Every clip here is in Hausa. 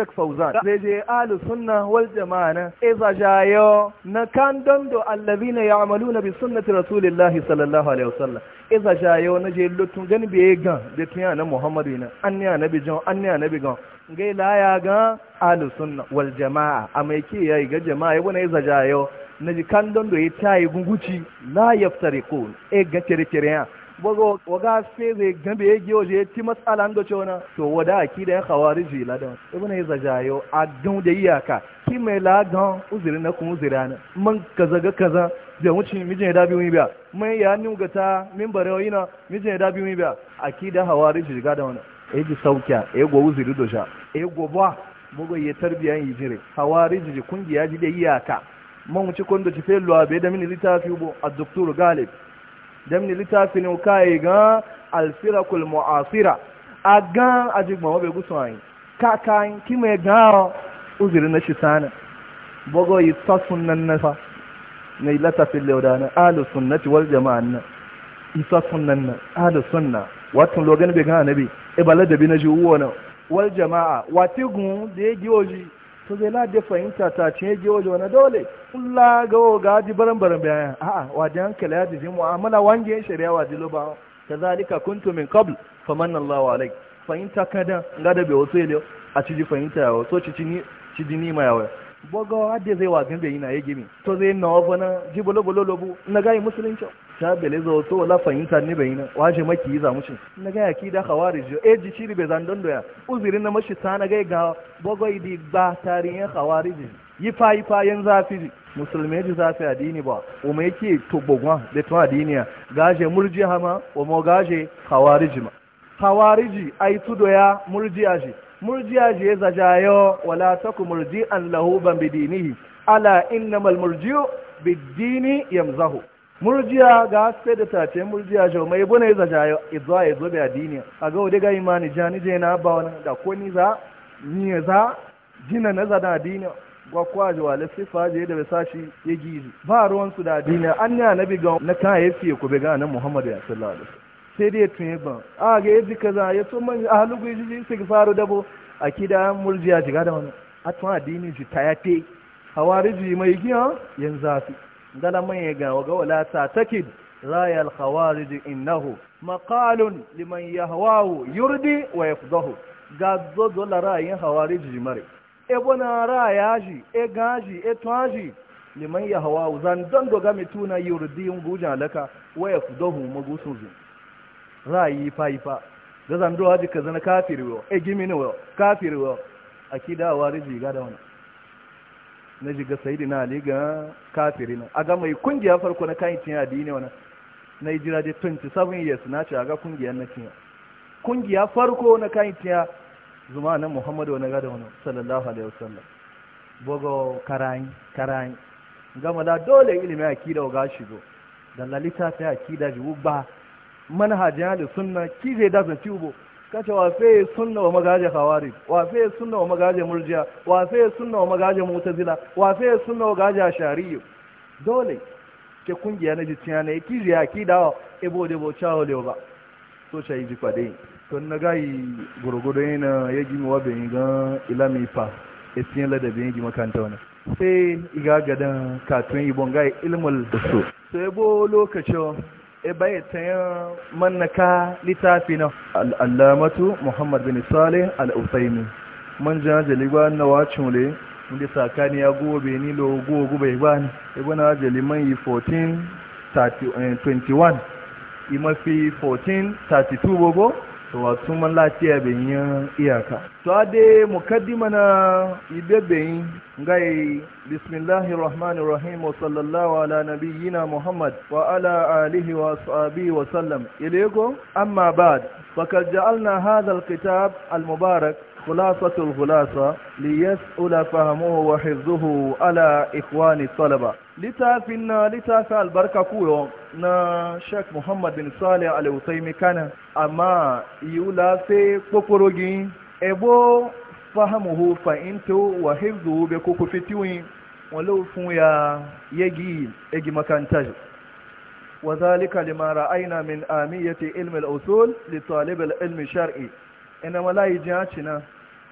Sheikh Fauzan zai je ahlu sunna wal jama'a na iza jayo na kan don do allazina ya'maluna bi sunnati rasulillahi sallallahu alaihi wasallam iza jayo na je lutun gani be ga da tiya na Muhammadu na anni annabi jan anni annabi gan ngai la ya ga ahlu sunna wal jama'a amai ke yayi ga jama'a yabo na iza jayo na ji kan don do ya tayi gunguci la yaftariqun e ga tere tere ya wago waga zai gambe ya giyo zai ci matsala an gace wani to wada aki da ya kawari ji ladan ibn ya zajayo a gan da iyaka ki mai lagan uzuri na kuma uzuri ana man kaza ga kaza da wuce mijin ya dabi wani biya mai ya ga ta min barewa na mijin ya dabi wani biya aki da hawari ji ga da wani ya e ji a. ya e go uzuri dosha ya e go ba mugo ya tarbiya yi jire hawari ji kungiya ji da iyaka man wuce da ci fe luwa bai da mini littafi bo a doktor galib damni littafin kai gan alfirakul mu'asira a gan ajigbọn wabe gusun ayi kakan kime gan o uzuri na shi sana bogo yi ta sunan fa na ilata fille da na alu sunnati wal jama'an na isa sunan na alu sunna watan logan be gan anabi ibala da bi na ji uwo na wal jama'a watigun da ya gi oji to zai la da fahimta ta ce je waje wani dole kula ga ga ji baran baran bayan a'a wajen hankali ya jiji mu'amala wange shari'a waje ta zalika kuntu min qabl famanna Allahu alayk fahimta kada ga da be wasu ile a ciji fahimta ya wasu ci ni ci ni ma ya wasu bogo hadde zai wa gambe yana yage mi to zai nawa fa na ji bolo bolo lobu na ga musulunci ta zo to la fahimta ne bai na waje maki za ce. na ga yaki da khawarij jo e eh, ji shiri be zan dondo ya uzirin na mashi ta na ga ga bogoi di ba tarihin khawarij yi fa yi zafi musulmi ji zafi addini ba o mai ke to bogwa da to addini ya gaje murji ma o mo gaje khawarij ma khawarij ai doya murji murjiha ji murjiha ji zajayo wala taku an lahu ban bidinihi ala innamal murji bi dini yamzahu murjiya ga sai da tace murjiya shau mai bune za ja izwa ya zo biya dini a ga wade ga imani jani je na ba wani da ko ni za ni za jina na za da dini gwa kwa ji wale sifa je da bisashi ya gizi ba ruwan su da dini an ne annabi ga na kan ya fiye ku biga nan muhammad ya sallallahu alaihi sai dai tun ban a ga yaji kaza ya to man ahlu guji su faru dabo A akida murjiya jiga da wani a tun addini ji ta yafe hawariji mai giya yanzu zafi gala wa ga wala ta takid rayal khawarij innahu maqalun liman yahwahu yurdi wa yafdahu ga zozo la rayin khawarij mare e bona ji e gaji e twaji liman yahwahu zan don doga mituna yurdi nguja laka wa yafdahu magusuzu rayi faifa da zan do haji kaza na kafiri wo e gimini wo kafirwo akida wariji ga da wannan na shiga sayidi na ali ga kafiri na a ga mai kungiya farko na kayan cin addini wani na jira da 27 years na ce a ga kungiyar na cin kungiya farko na kayan cin zuma na muhammadu wani gada wani sallallahu alaihi wasallam bogo karayi karayi gama da dole ilimin akida ga shigo da lalita ta akida ji ba manhajin da sunna ki da da ci ubo kace wafe sunna wa magaje khawarij wafe sunna wa magaje murjiya wafe sunna wa magaje mu'tazila wafe sunna wa gaje shari'i dole ke kungiya na jitiya ne kiji ya kida bode bo chawo le ba so shayi ji kwade to na gai gurgudu ina ya gimi wa bin ga ilami fa etin la da bin gimi kanta wani sai iga gadan katun ibon gai ilmul dusu sai bo lokacin e mannaka littafi na al'allamatu muhammad bin salih al'usaimi man jan jaliba na wacin wule? inda sakani ya gobe ni lo gogo bai ba ni ebe na jaliman yi 21 imafi 32 gogo wa tuman lafiya benyin iyaka to ade mukaddima na ibebeyin gai bismillahir rahmanir rahim wa sallallahu ala nabiyyina muhammad wa ala alihi wa ashabihi wa sallam ilayko amma ba'd faqad ja'alna hadha alkitab almubarak خلاصة الخلاصة ليسأل فهمه وحفظه على إخوان الطلبة littafin na littafin albarka kuro na sheikh muhammad bin salih al-usaimi kana amma yula sai kokorogi ebo fahamuhu fa'into wa hifzuhu be koko fitiwin walau fun ya yegi egi makantar wa zalika lima ra'ayna min amiyati ilmi al-usul li talib al-ilmi shar'i ina malayi jacina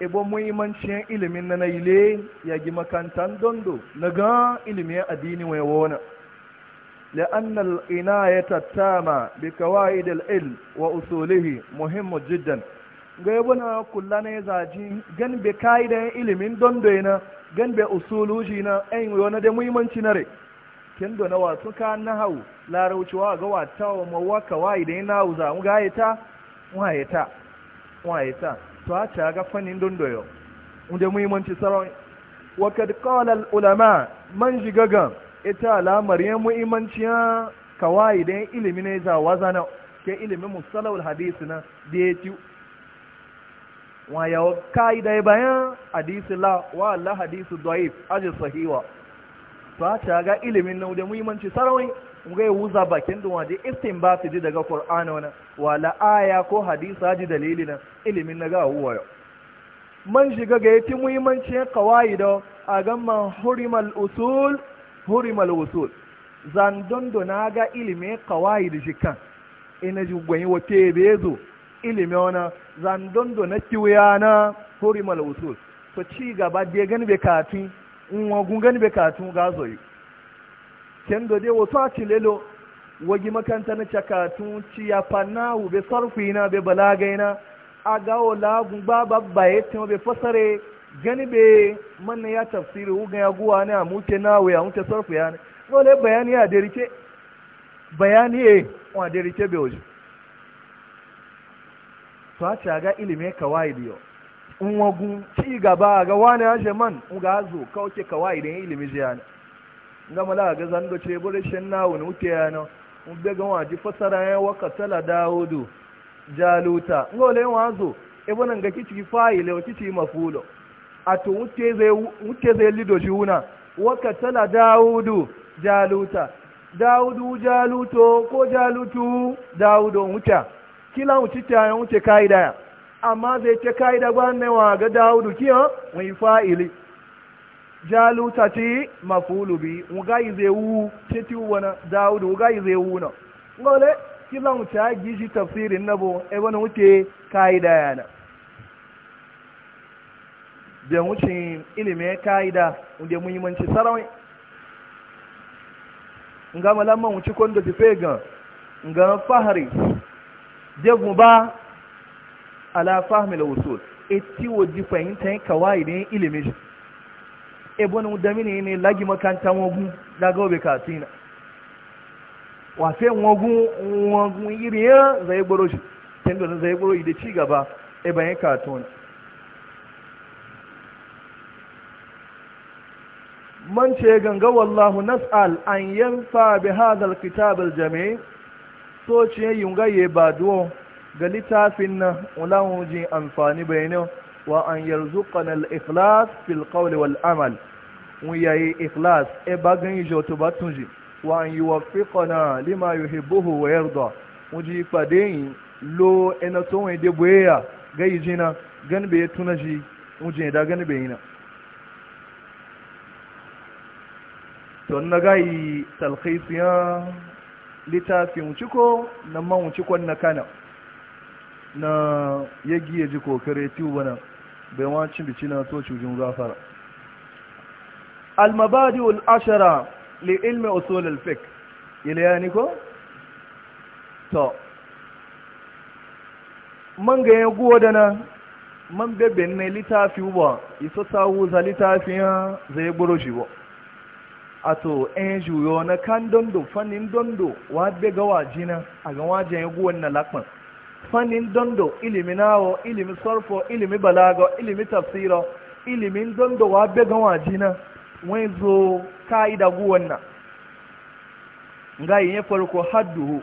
ebo muhimmanci iman ce na naile ya gi makantan dondo na ga ilimi ya adini wa wona la annal inayata tama bi kawaid al ilm wa usulihi muhimmu jiddan ga yabo na kullane zaji gan be kaida ilimin dondo ina gan be na ai wona da mu na re ken do na wato ka na hau la rawciwa ga wata wa kawaid ina wa za mu ga mu ha mu ha to a ci ga fannin dundoyo inda muhimmanci sarari wa kad qala ulama man jigaga ita alamar ya muhimmanci ya kawai da ilimi ne za wazana ke musalla al hadisi na da ya wa ya kai da bayan hadisi la wa la hadisi dhaif aji sahiwa to a ci ga ilimin nan da muhimmanci sarari yi wuza bakin da ba su ji daga ƙor'ana wani wala aya ko hadisa ji dalili na ilimin na ga huwa yau man shiga ga yati kawai da a gama hurimal usul hurimal usul zan dondo na ga ilimin da shi kan ina ji gwani wace bezo ilimin wannan zan dondo na kiwuya na hurimal usul to ci gaba dai gani bai katun in wagun gani bai katun ga zoyi kendo dai wasu a cilelo wagi makanta na cakatun ciyafa na bai sarfi na bai balagai na a gawo lagun ba babba ya ce bai fasare gani bai manna ya tafsiri wugan ya guwa ne a muke na wuya a muke sarfi ya ne dole bayani ya derike bayani ya e, wa derike bai waje to a ce ga ka kawai biyo in wagun ci gaba ga wani ya man ga zo kauke kawai da ilimi jiya ne ngama la ga zando ce bore na wani uke yana mu be ga waji fasara ya waka tala daudu jaluta ngole wazo e bonan ga kici fa'ile wa kici mafulo ato uke zai uke zai lido juna waka tala daudu jaluta daudu jaluto ko jalutu daudu muta kila mutita ya muta kaida amma zai ce kaida gwanne wa ga daudu kiyo mu fa'ili jaluta ti mafulu bi nga ize wu teti wana daud nga ize wu na ngole kila mta gishi tafsirin nabo e wani wuce kaida yana da wuce ilimi kaida inda muhimmanci sarawai nga malamman wuce kondo ti fegan nga fahari jagun ba ala fahmi la usul etiwo di fahimta kawai ne ilimi ebonu damini ne lagi makanta wogun daga obe katina wafe wogun wogun iri ya zai gboro shi tendo na zai gboro ide ci gaba e bayan katon man ce ganga wallahu nas'al an yanfa bi hadha alkitab aljami so ce yunga ye baduo ga littafin nan ulawun jin amfani bayanin wa an yarzu kanal ikhlas fil kawai wal amal mu yayi ikhlas e ba gan yi jo to ba tun wa an yi wa fi kona lima yi buhu wa yar mu ji kpade yi lo ina to wani de boye ya yi jina gan ji mu da gan be yi na to na ga yi talhifiya litafi ciko na man mu na kana na yagiye ji kokare tuba na bai wancin bici na to cujin gafara almabadi ashara li ilmi usul al-fiqh ilayani ko to man ga yago da na man bebe ne litafi uba iso sawu za litafi ya zai buru shi ba ato en juyo na kan dondo fannin dondo wa be ga wajina a ga wajen yago na lakman fannin dondo ilimi nawo ilimi sorfo ilimi balago ilimi tafsiro ilimin dondo wa began wajina wai zo ka'ida guwan nan ngayi ya farko hadduhu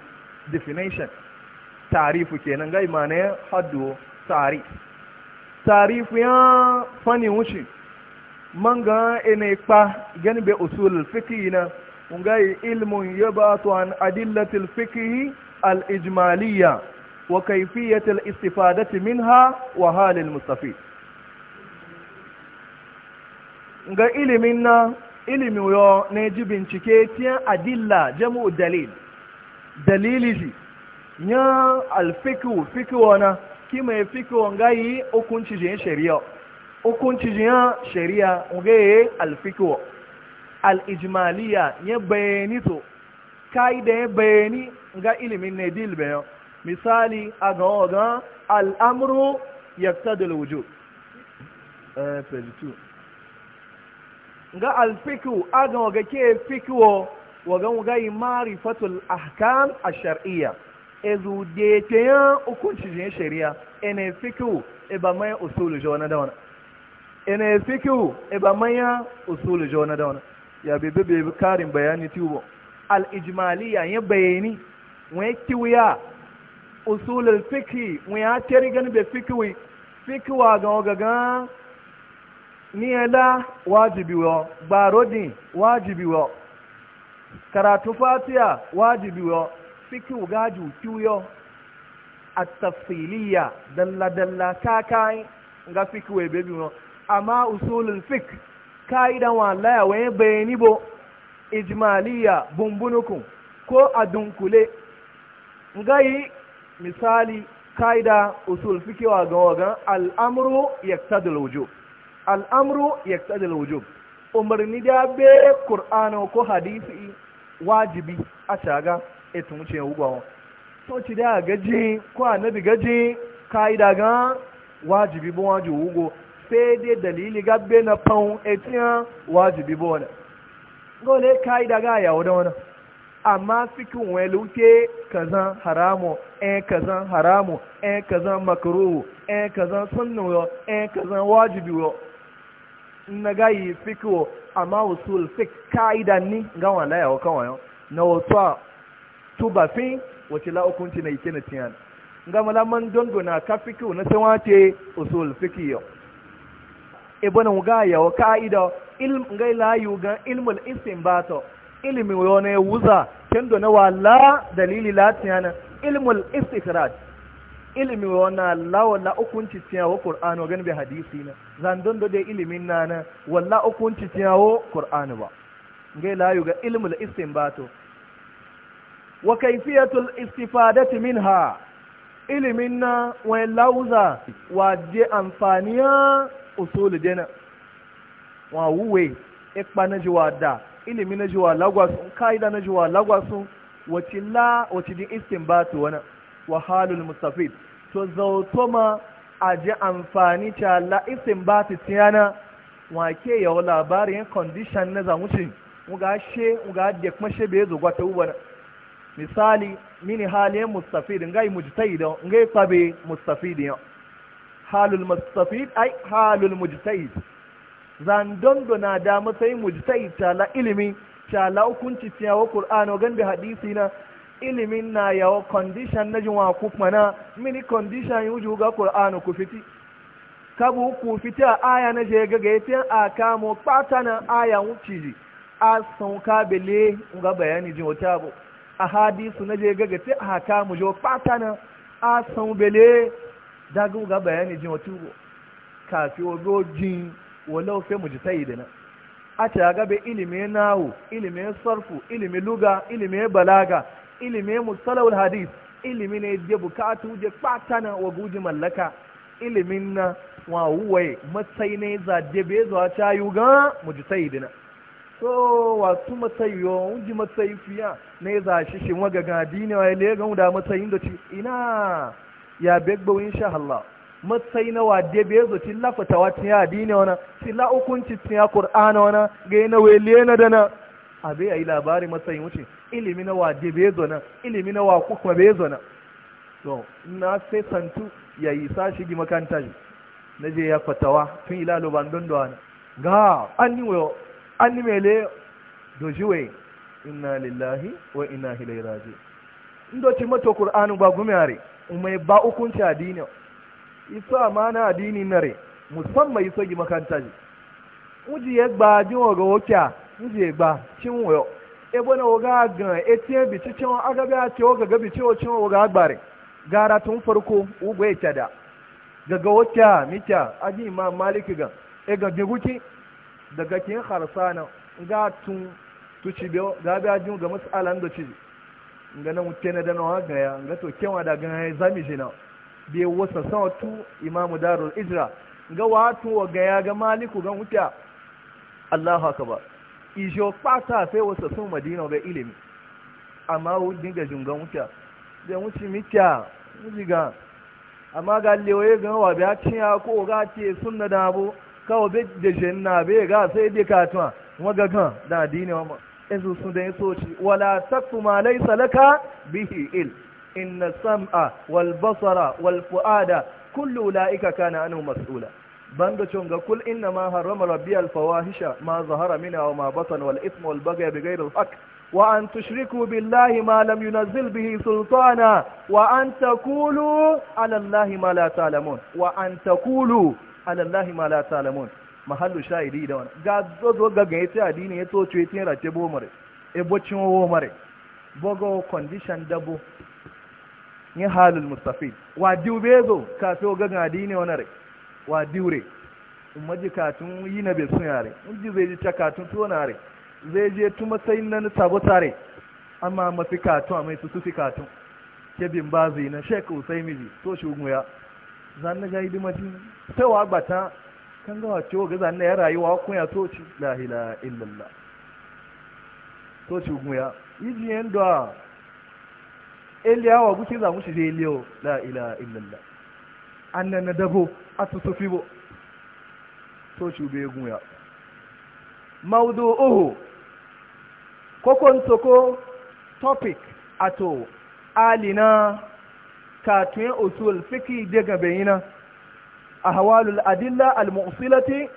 definition tarifu kenan ngayi mana ya hadduhu tari tarifu ya fannin wuce man ga ina ikpa gani bai usul fiqhi na ngayi ilmun yabatu an adillatil fiqhi al ijmaliyya wa kaifiyatul istifadati minha wa halil mustafid ga ilimin na ilimi yo ne ji bincike tiyan adilla jamu dalil dalili ji nya alfiku fikiwa na ki mai e fikiwa ngayi hukunci jin e shari'a hukunci jin shari'a ngayi e alfikiwa al-ijmaliya nya bayani to kai da bayani ga ilimin ne dilbe yau misali a ga waga al'amuru ya ta da wujo ga eh, alfiku a ga waga ke fikiwo waga waga yi marifatul ahkam a shari'a e ezu dekeyan hukunci jin shari'a ene fikiwo iba e maya usulu jo na dauna ene fikiwo iba e maya usulu jo na dauna ya bebe bebe karin bayani tubo al-ijmaliya ya bayani wani kiwiya usulul fiki mu ya teri gani be fikiwi fikiwa ga ogaga ni ela wajibi wo gbarodi wajibi wo karatu fatiha wajibi wo fikiwu gaji ukiyo at-tafsiliya dalla dalla kakai nga fikiwe bebi wo amma usulul fik kaida wallaya waye bayani bo ijmaliya bumbunukun ko adunkule ngai misali kaida usul fikewa ga wagan al'amuru ya tsadil wujub al'amuru ya tsadil wujub umarni da be ƙur'ano ko hadisi wajibi a shaga etu wuce wugwawa so ci da gaji ko annabi gaji kaida ga wajibi bo waji wugo sai dai dalili gabbe na fawon etiyan wajibi bo wani gole kaida ga yawo da wani amma fikin wani wuke kazan haramu ɗan e kazan haramu ɗan e kazan makaruhu ɗan e kazan sunnu yo ɗan kazan wajibi na gayi fikiwo amma usul fik ka'ida ni ga wala yawo kawai na wato tuba fi wace la na yake na tiyan ga malaman ka fikiwo na sai wace usul fikiyo ibn ga yawo ka'ida ilm ga layu ga ilmul istinbato ilimin wani wuza kendo na wala dalili latiyana ilmul istikhraj ilimi wani lawala hukunci tiyawo qur'ani gan bi hadisi na don do de ilimin nana wala hukunci tiyawo qur'ani ba ngai layu ga ilmul istinbato wa kayfiyatul istifadati minha ilimin na wani lauza wa je amfaniya usul wa wuwe ikpanaji wa da ilimi na jiwa lagwasu, ka'ida na jiwa lagwasu wace la wace din istinbatu wani wahalul mustafid to zauto ma a ji amfani ta la istinbatu tiyana wake yau labarin condition na zamuci muga she muga da kuma she be zo gwata ubana misali mini halin mustafid ngai mujtahid ngai fabe mustafid ya halul mustafid ai halul mujtahid zandon dona da matsayin mujtai itala ilimi tala hukunci tiya wa qur'ano gan da hadisi na ilimin na yawo condition na jinwa ku mana mini condition yuju ga qur'ano ku fiti kabu ku fiti a aya na je ga gaiten a kamo patana aya wuciji a sun kabele ga bayani jin wata bu a hadisu na je ga gaite a kamo jo patana a sun bele dagu ga bayani jin wata bu kafi ogo jin walau da mujtahidina a ta gabe ilimin nahu ilimin sarfu ilimin luga ilimin balaga ilimin mustalahul hadith ilimin ne je bukatu je patana wa guji mallaka ilimin na wa wuwaye matsayi ne za je be zuwa ta yu da mujtahidina so wasu matsayi yo ji matsayi fiya ne za shi shi waga ga dini wa le ga da matsayin da ci ina ya begbo insha Allah matsayi na wade bai zo tilla fatawa tin ya adini wana tilla hukunci tun ya qur'ana wana ga na wele na dana abe yi labari matsayin wuce ilimi na wade bai zo na ilimi na wa kuma bai zo na to na sai santu ya yi sa shi gi makanta shi na je ya fatawa tun ila loban don da wani ga an ni wayo an ni mele dojiwe inna lillahi wa inna hilai raji ndo ci mato qur'anu ba gumare umai ba hukunci adini isa mana adini nare musamman isa gi makanta ji uji ya gba ji wa ga wokia uji ya gba cin wuyo ebe na woga gan etie bi cicin aga ga ce woga ga bi ce wocin woga agbare gara tun farko ugo ya da daga wokia mita aji ma maliki ga e ga biguki daga kin na ga tun tuci biyo ga bi ajin ga masu da ci Nga nan mutene da nawa ga ya ga to kewa da ga zami shi na bai wasa sautu imamu darul ijra ga watu wa ga ya ga maliku ga wuta Allahu akbar ijo pata sai wasa sun madina ga ilimi amma wudin ga jinga wuta da wuce mitya wuziga amma ga lewaye ga wa ba tiya ko ga ce sunna da abu kawo be da jenna be ga sai de katwa waga kan da dini wa ma ezu sun da yaso ci wala takuma laysa laka bihi ilm inna sam'a wal basara wal fuada kullu ulaika kana anhu mas'ula bando chonga kul inna ma harrama rabbi al fawahisha ma zahara minha wa ma batana wal ithma wal baghy bighayri wa an tushriku billahi ma lam yunzil sultana wa an taqulu ala allahi ma la ta'lamun wa an taqulu ala allahi ma la ta'lamun mahallu shahidi da wannan ga zo zo ga ga yace addini yato ce tin ya bo mare e bocin wo dabo ni halul mustafid wa diube zo ka so ga gadi ne wani re wa diure maji katun yi na be sun yare inji zai ji ta katun tun na re zai je tu matsayin nan sabo tare amma mafi katun amma su sufi katun ke bin zai na shek miji to shi ya zan na gaidi maji sai wa bata kan ga wace ga zan na ya rayuwa kun ya to shi la ilaha illallah to shi ya yi jiyan da ele wa guke za mushi dai liyo la ila illallah annan na dabo a tutufi bo to shi be guya mawdu'uhu ko kon ko topic ato alina katuin usul fiki daga bayina ahwal al adilla al mu'silati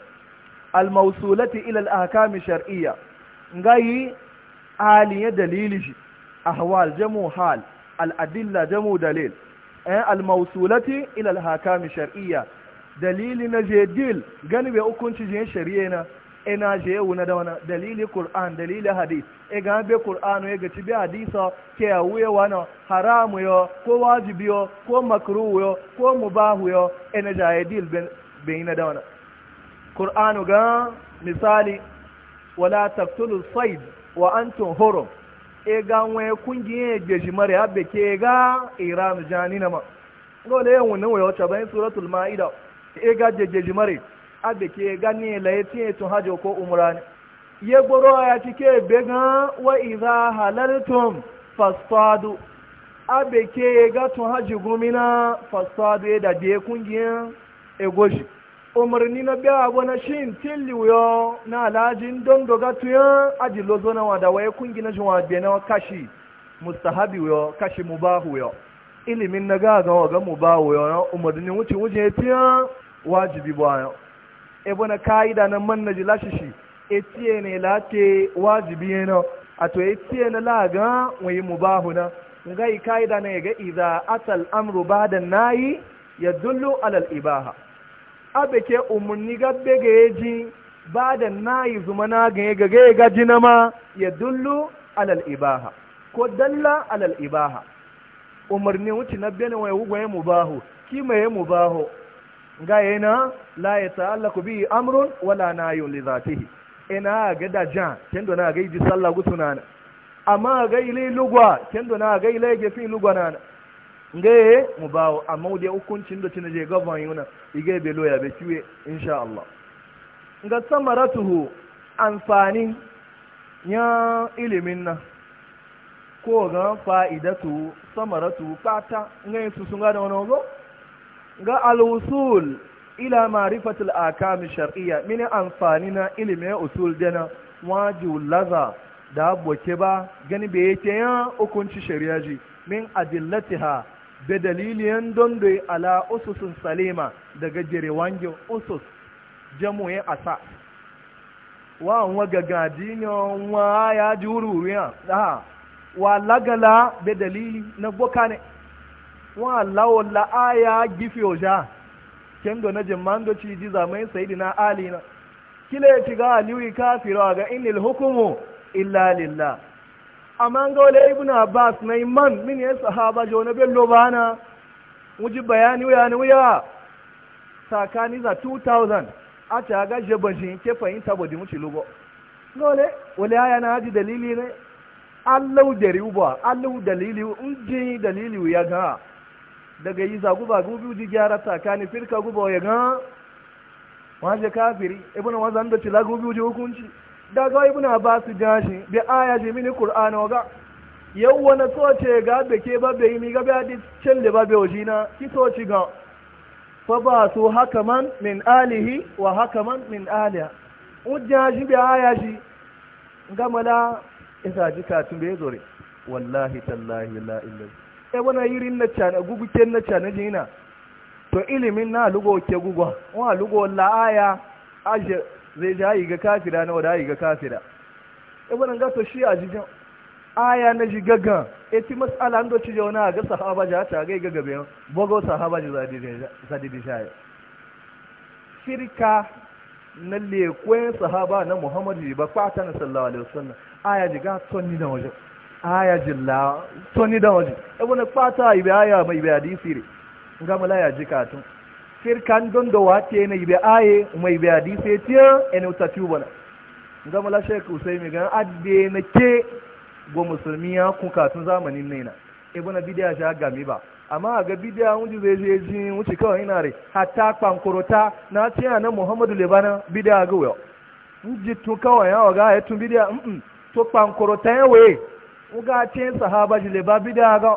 al mawsulati ila al ahkam shar'iyya ngayi aliya dalilishi ahwal jamu hal al'adilla jamu dalil ‘yan almausulati ilal hakami shari'a dalili na je dil gani bai hukunci jiyan shari'a na ina je yau na dauna dalili Kur'an dalili hadis e ga be Kur'an ya ga be hadisa ke ya wana haramu yo ko wajibi yo ko makruh yo ko mubahu yo ina jaye dil ben na dauna Kur'an ga misali wala taktulu said wa antum hurum ega nwe kungiye geji mare abbe ke ga iran na ma gole yawon nan wayo ta bayan suratul maida ega geji mare abbe ke ga ne la yatin to hajo ko umrani ye gboro ya cike bega wa idha halaltum fastadu abbe ke ga to haji gumina fastadu da de kungiyen egoji umarni na biya abu na shi tilli wuyo na alajin don doga tuyan aji lozo wada waye kungi na jinwa biya na kashi mustahabi wuyo kashi mubahu wuyo ilimin na gaga waga mubahu wuyo na umarni wuce wuce tiyan wajibi bayan ebo na ka'ida na man na jilashishi etiye ne late wajibi yana a to etiye na laga wayi mubahu na ngai ka'ida na ya ga idza atal amru ba'da nayi yadullu alal ibaha Abeke umarni gabbe ga ya ji ba da na yi zuma na ga gage ga ya ma ya dullu alal ibaha ko dalla alal ibaha umarni wuce na bene wa yugo ya bahu ki mai bahu, ga yana la ya ku bi amrun wala nahyun li zatihi ina ga da jan kendo na ga ji sallah gutuna amma ga ile lugwa kendo na ga ile ge fi lugwa na. nga ye mu bawo amma wudi hukuncin da cinaje gaban yuna ige belo ya be kiwe insha Allah nga samaratuhu amfani ya ilimin na ko ga fa'idatu samaratu fata nga yin susun ga da wani ogo ga alwusul ila marifatul akami shar'iyya mini amfani na ilimin usul dana waju laza da boke ba gani be yake ya hukunci shari'a ji min adillatiha da dalilin don da ala ususun salima daga jirewangin usus jamuyin asa wa nwa gagaji ne nwa ya ji wuri ha wa lagala da dalili na boka ne wa lawo la'aya gifi oja kendo na jimando ci ji zamanin sayidina ali na kila ya ci ga aliyu kafirawa ga inil hukumu illa lillah amma ga wale ibn abbas na iman min ya sahaba jo na bello bana wuji bayani wuya ni wuya sakani za 2000 a ta ga jeban shi ke fahimta bodi mu ci lugo ga wale aya na haji dalili ne allau da uba allau dalili in ji dalili ya ga daga yi za ba gubi wuji gyara sakani firka guba ya ga wajen kafiri ibn wazan da ci bi wuji hukunci daga ba su jaji bi aya ji mini qur'an ga. yau wani soce ga da ke ba bai mi ga bai cin da ba bai na? ki soci ga fa ba su haka man min alihi wa haka man min aliya jashi bi aya ji gamala isa ji katun bai zore wallahi tallahi la ilaha e wana yirin na cana e gugu ken na cana e jina to ilimin na lugo ke gugu wa lugo la aya aje zai ji haiga ga kafira na wada haiga ga kafira ibanin gato shi a jijin aya na ji gaga eti mas'ala ndo ci jona ga sahaba ja ta ga gaga be bogo sahaba ji zadi di shaye shirka na lekwen sahaba na muhammadu ba fata na sallallahu alaihi wasallam aya ji ga tonni da waje aya ji la tonni da waje ibn fata ibe aya mai bi hadisi ga Ngamala ya ji katun firkan don wa wace na ibe aye mai be hadisi tiya ene uta tuba e na ngam la sheikh usaimi ga adde na ke go musulmi ya ku katun zamanin ne na ibn bidiya ja mi ba amma ga bidiya mun ji zai ji wuce kawai ina re hatta kwankurota na ci na muhammadu lebana bidiya ga wayo ji tun kawai ya waga ya tun bidiya mm to kwankurota ya waye uga ce sahaba ji leba bidiya ga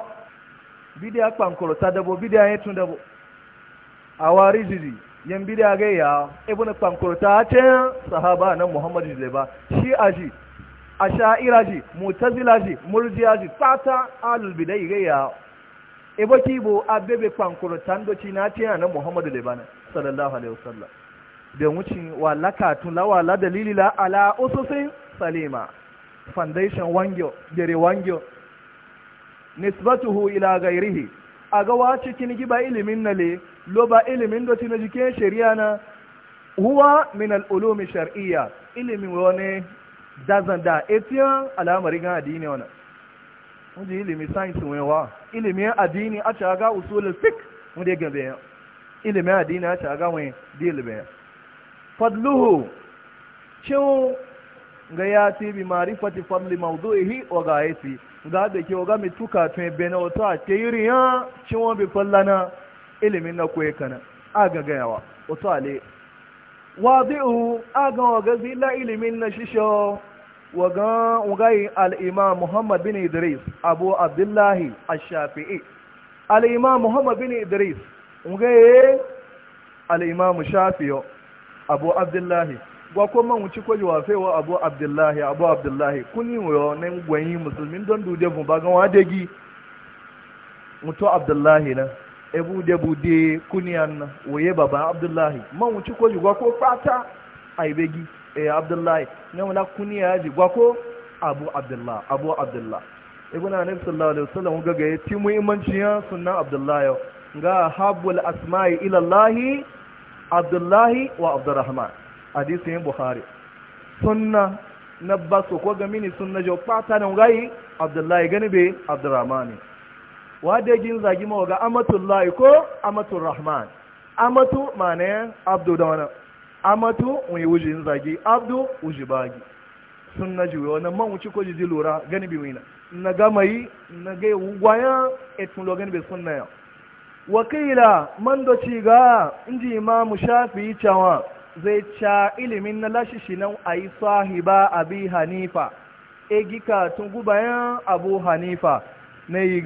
bidiya kwankurota dabo bidiya ya tun dabo awari jiri, yan bida gai ya ibn kwankurta ta sahaba na muhammad jile ba shi aji sha'ira ji mutazila ji murjiya ji fata alul bidai gai ya ibo kibo abebe kwankurta ci na ta na muhammad jile ba sallallahu alaihi wasallam da wucin walaka tulawa la dalili la ala ususin salima foundation wangyo dere wangyo nisbatuhu ila gairihi a gawa cikin giba ilimin nale loba ilimin da na jikin shari'a na huwa min al'ulumi shar'iyya ilimin wani dazanda da etiyan al'amarin addini wani wanda ilimi science wewa ilimin addini a caga usulul fiqh wanda gabe ya ilimin addini a caga wani dilbe fadluhu cewa ga ya ti bi marifati fadli mawdu'ihi wa gayati ga da ke ga mituka tun bena wato a ke yiriya cewa bi fallana ilimin na koye kana aga gayawa wato ale wadi'u aga waga zila ilimin na shisho waga ugayi al muhammad bin idris abu abdullahi ash-shafi'i muhammad bin idris ugayi al-imam abu abdullahi gwa kuma wuci kwaji wa fewa abu abdullahi abu abdullahi kuni wo ne gwanyi musulmin don dude mu ba ga wadegi mutu abdullahi na ebude de kuniyan waye baba abdullahi man wuce ko jigwa ko fata a begi e abdullahi na wala kuniya jigwa ko abu abdullahi abu abdullahi na anab sallallahu alaihi wasallam ga ga ti muhimmanci ya sunna abdullahi ga habul asma'i ila allah abdullahi wa abdurrahman hadisi bukhari sunna nabbasu ko ga mini sunna jo fata na ngai abdullahi gani be abdurrahman wadda gin zagi mawa ga amatun ko amatun rahman amatu mana ya abdu da wani amatu wani wujin zagi abdu wuji bagi sun na juwe wani man wuci ko jiji lura gani bi wina na gama yi na gai gwaya etun lo gani bi sun na yau wakila man da ci ga inji imamu shafi cawa zai ca ilimin na lashishi nan a yi sahiba abi hanifa egika tun gubayen abu hanifa na yi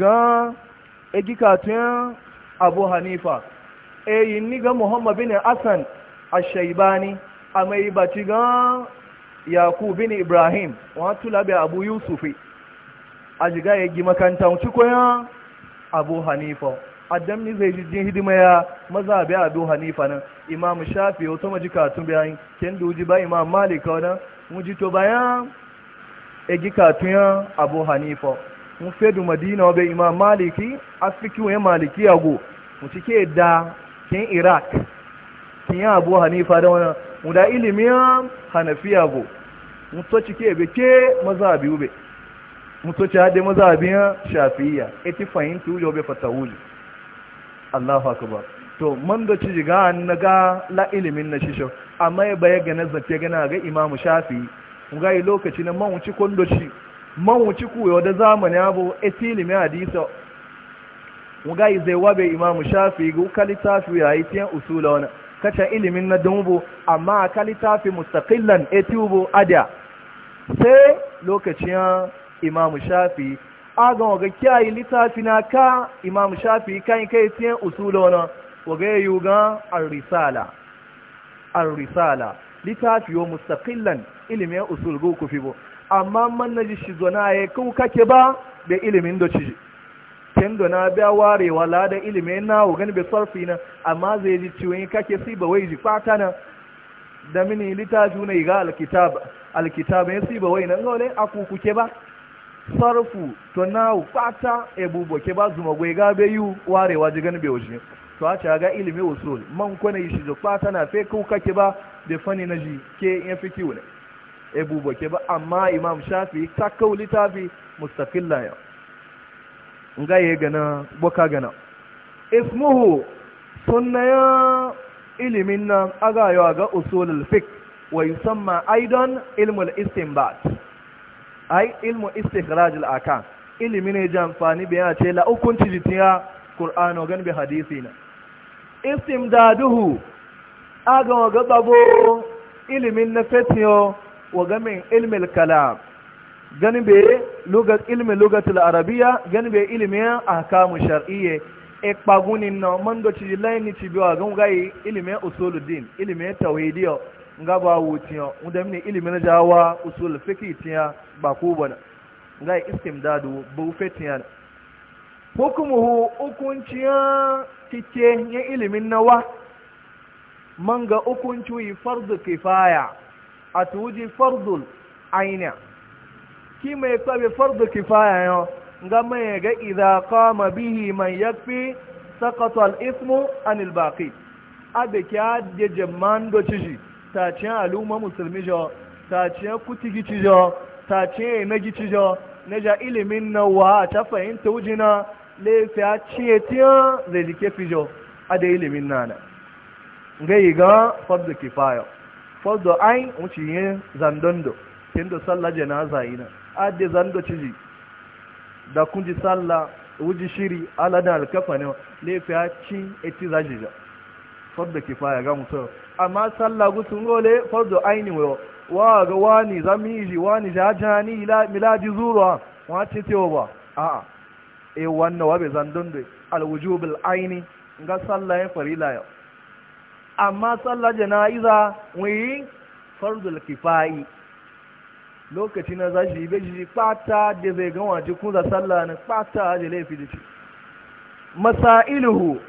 egi katun abu hanifa eyi eh, ni ga muhammad bin asan ashaibani a mai baci ga yakub bin ibrahim wọn tula bi abu yusufi a jiga ya gi makanta wuci koya abu hanifa adam ni zai jijin hidima ya maza bi abu hanifa nan imam shafi wato maji katun bayan ken duji ba imam malik wani mujito bayan egi katun abu hanifa mu fedu madina wabe imam maliki afiki wa maliki yago mu cike da kin iraq kin ya abu hannifa da wannan mu da ilimin hanafiya go mu to cike be ke abi ube mu to ci maza ya shafi shafi'iyya eti fahimtu ujo fata wuli Allahu akaba. to man da ci ga la ilimin na shisho amma ya baya ga nazarce gana ga imam shafi mu ga lokaci na man wuci shi man wuci yau da zamani abu etilimi hadisa yi zai wabe imamu shafi ga uka littafi ya yi tiyan usula wani kaca ilimin na dumbo amma aka littafi mustaqillan etubo ada sai lokacin imamu shafi agan waga kiyayi littafi na ka imamu shafi kan yi kai tiyan usula wani waga ya yi gan arrisala arrisala littafi wa mustaqillan ilimin usul go kufi bo amma man na ji shi zona ya kau kake ba da ilimin da ciji ken da na biya warewa ladan ilimin na gani bai sarfi na amma zai ji ciwon kake si ba wai ji fata na da mini juna na ga alkitaba alkitab ya si ba wai na ngole akuku ke ba sarfu to na fata ya bubo ke ba zuma gwai ga bai yi warewa ji gani bai wuce to a ga ilimi usul man kwanayi shi ji fata na fe kuka kake ba da fani na ji ke yan fi kiwo ne ebu bake ba amma imam shafi ta kawo littafi mustaqilla ya nga ya gana boka gana ismuhu sunna ya ilimin nan aga yawa ga usulul fik wa yusamma aidan ilmul istinbat ai ilmu istikhraj akan ilimi ne ji amfani bayan ce la hukunci jitiya qur'ano gan bi hadisi na istimdaduhu aga wa ga babo ilimin na fetiyo wa gamin ilmi kalam gani be lugat ilmi al arabiya gani be ilmi ahkamu shar'iyye e pagunin no mando ci laini ci biwa gan gai ilmi usuluddin ilmi nga ba wutiyo ni ilmi na jawa usul fiqh tiya ba ku bana ngai istimdadu bu fetiyan hukumuhu hukunciya kike ya ilimin nawa manga yi fardu kifaya atuji tuji fardul aina kima mai kwabe fardu kifaya yau ga mai ga idha qama bihi man yakfi saqata al ismu an al baqi abe kya de jamman do ta ce aluma muslimi jo ta ce kutigi chijo ta ce nagi chijo neja ja ilimin na wa ta fahimta wujina lefi a ce tiya zai jike ade a da ilimin nana ga ga fardu kifaya fardo ai wuce yi zandondo kin da sallah janaza ina adde zando ciji da kun ji sallah wuji shiri aladan alkafa ne lefi ya ci eti zaji ja fardo kifaya ga mutum amma sallah gutun gole fardo aini wayo wa ga wani zamiji wani jajani ila miladi zuruwa wace tewa ba a'a eh wannan wabe zandon da alwujubul aini ga sallah e ya farila yau amma sallar jana'iza wuyi fardul kifayi lokaci na za shi bai shi kpata da zai gawa jikun za sallah na kpata da laifin da shi. masailuhu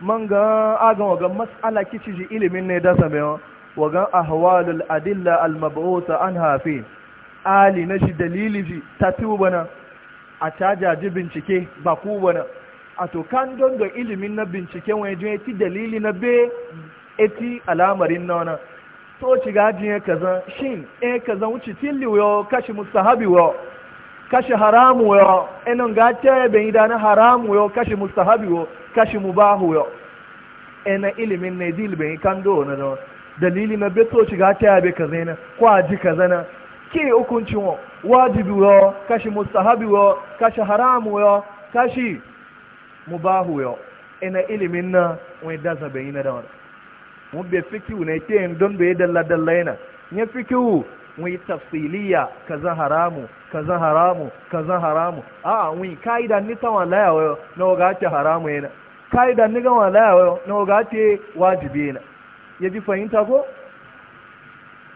man ga agan wa ga mas'ala kici shi ilimin ne da same wa ga ahwalul adilla al mab'uta an hafi ali na shi dalili shi tatubana a caja ji bincike ba ku bana a to kan don ga ilimin na bincike wani jini ti dalili na be eti alamarin nona to ci gajin ya kaza shin e kaza wuce tilli yo kashi mustahabi yo kashi haramu yo enon ga ta ben idana haramu yo kashi mustahabi yo kashi mubahu yo ena ilimin ne dil bai kan do na dalili na beto ci ga ta be kaza na ko aji kaza na ke hukunci wo wajibi yo kashi mustahabi yo kashi haramu yo kashi mubahu yo ena ilimin na wai da zabe ina da wannan mun be fikiu ne ke yin don be dalla dalla yana ya fikiu mun yi tafsiliya kaza haramu kaza haramu kaza haramu a mun yi. kaida ni ta laya wayo na waga ta haramu yana kaida ni ga laya wayo na waga ta wajibi yana ya ji fahimta ko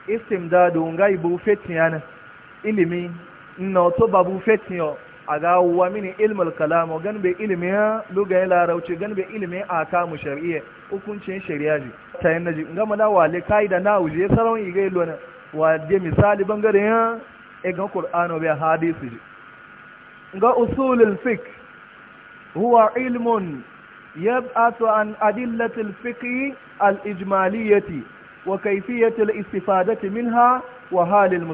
istimdadu ngai bu yana ilimi na to babu fetiyo a ga wa mini ilmul kalamu gan bai ilimi lugayen larauci gan be ilimi kamu shari'a. hukuncin shari'a ne ta yin naji ga mana wale kai da nawo je sarawan iga ilo ne wa je misali bangare ya e ga qur'ano hadisu ji. ga usulun fik. huwa ilmun yab'atu an adillati al-fiqhi al-ijmaliyati wa kayfiyati al-istifadati minha wa hali al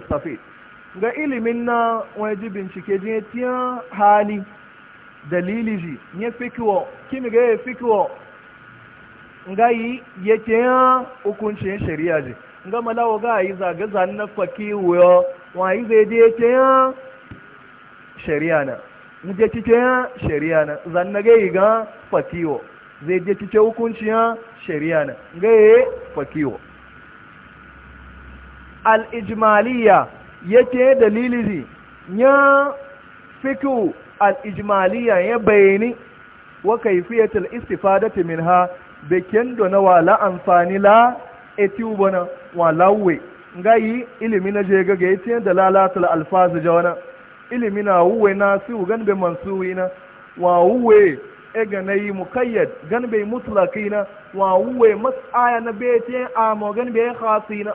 ga ilimin na waje bincike je tiya hali dalili ji ne fikwo kimi ga fikwo ngayi yake hukuncin shari'a ji nga malawa ga yi zaga zan faki wuyo wa yi zai da yake shari'a na muje ya shari'a na zan na ga yi ga fakiwo zai je hukunci hukuncin shari'a na nga yi fakiwo al ijmaliya yake dalili ya fiku al ijmaliya ya bayani wa kayfiyatul istifadati minha kendo na wala amfani la eti ubona wala uwe ngayi ilimi na je ga da lalata alfazu jawana ilimi na uwe na si u ganbe mansuwi na wa uwe e na yi mukayyad ganbe mutlaqina wa uwe mas'aya na beti amo gan bai na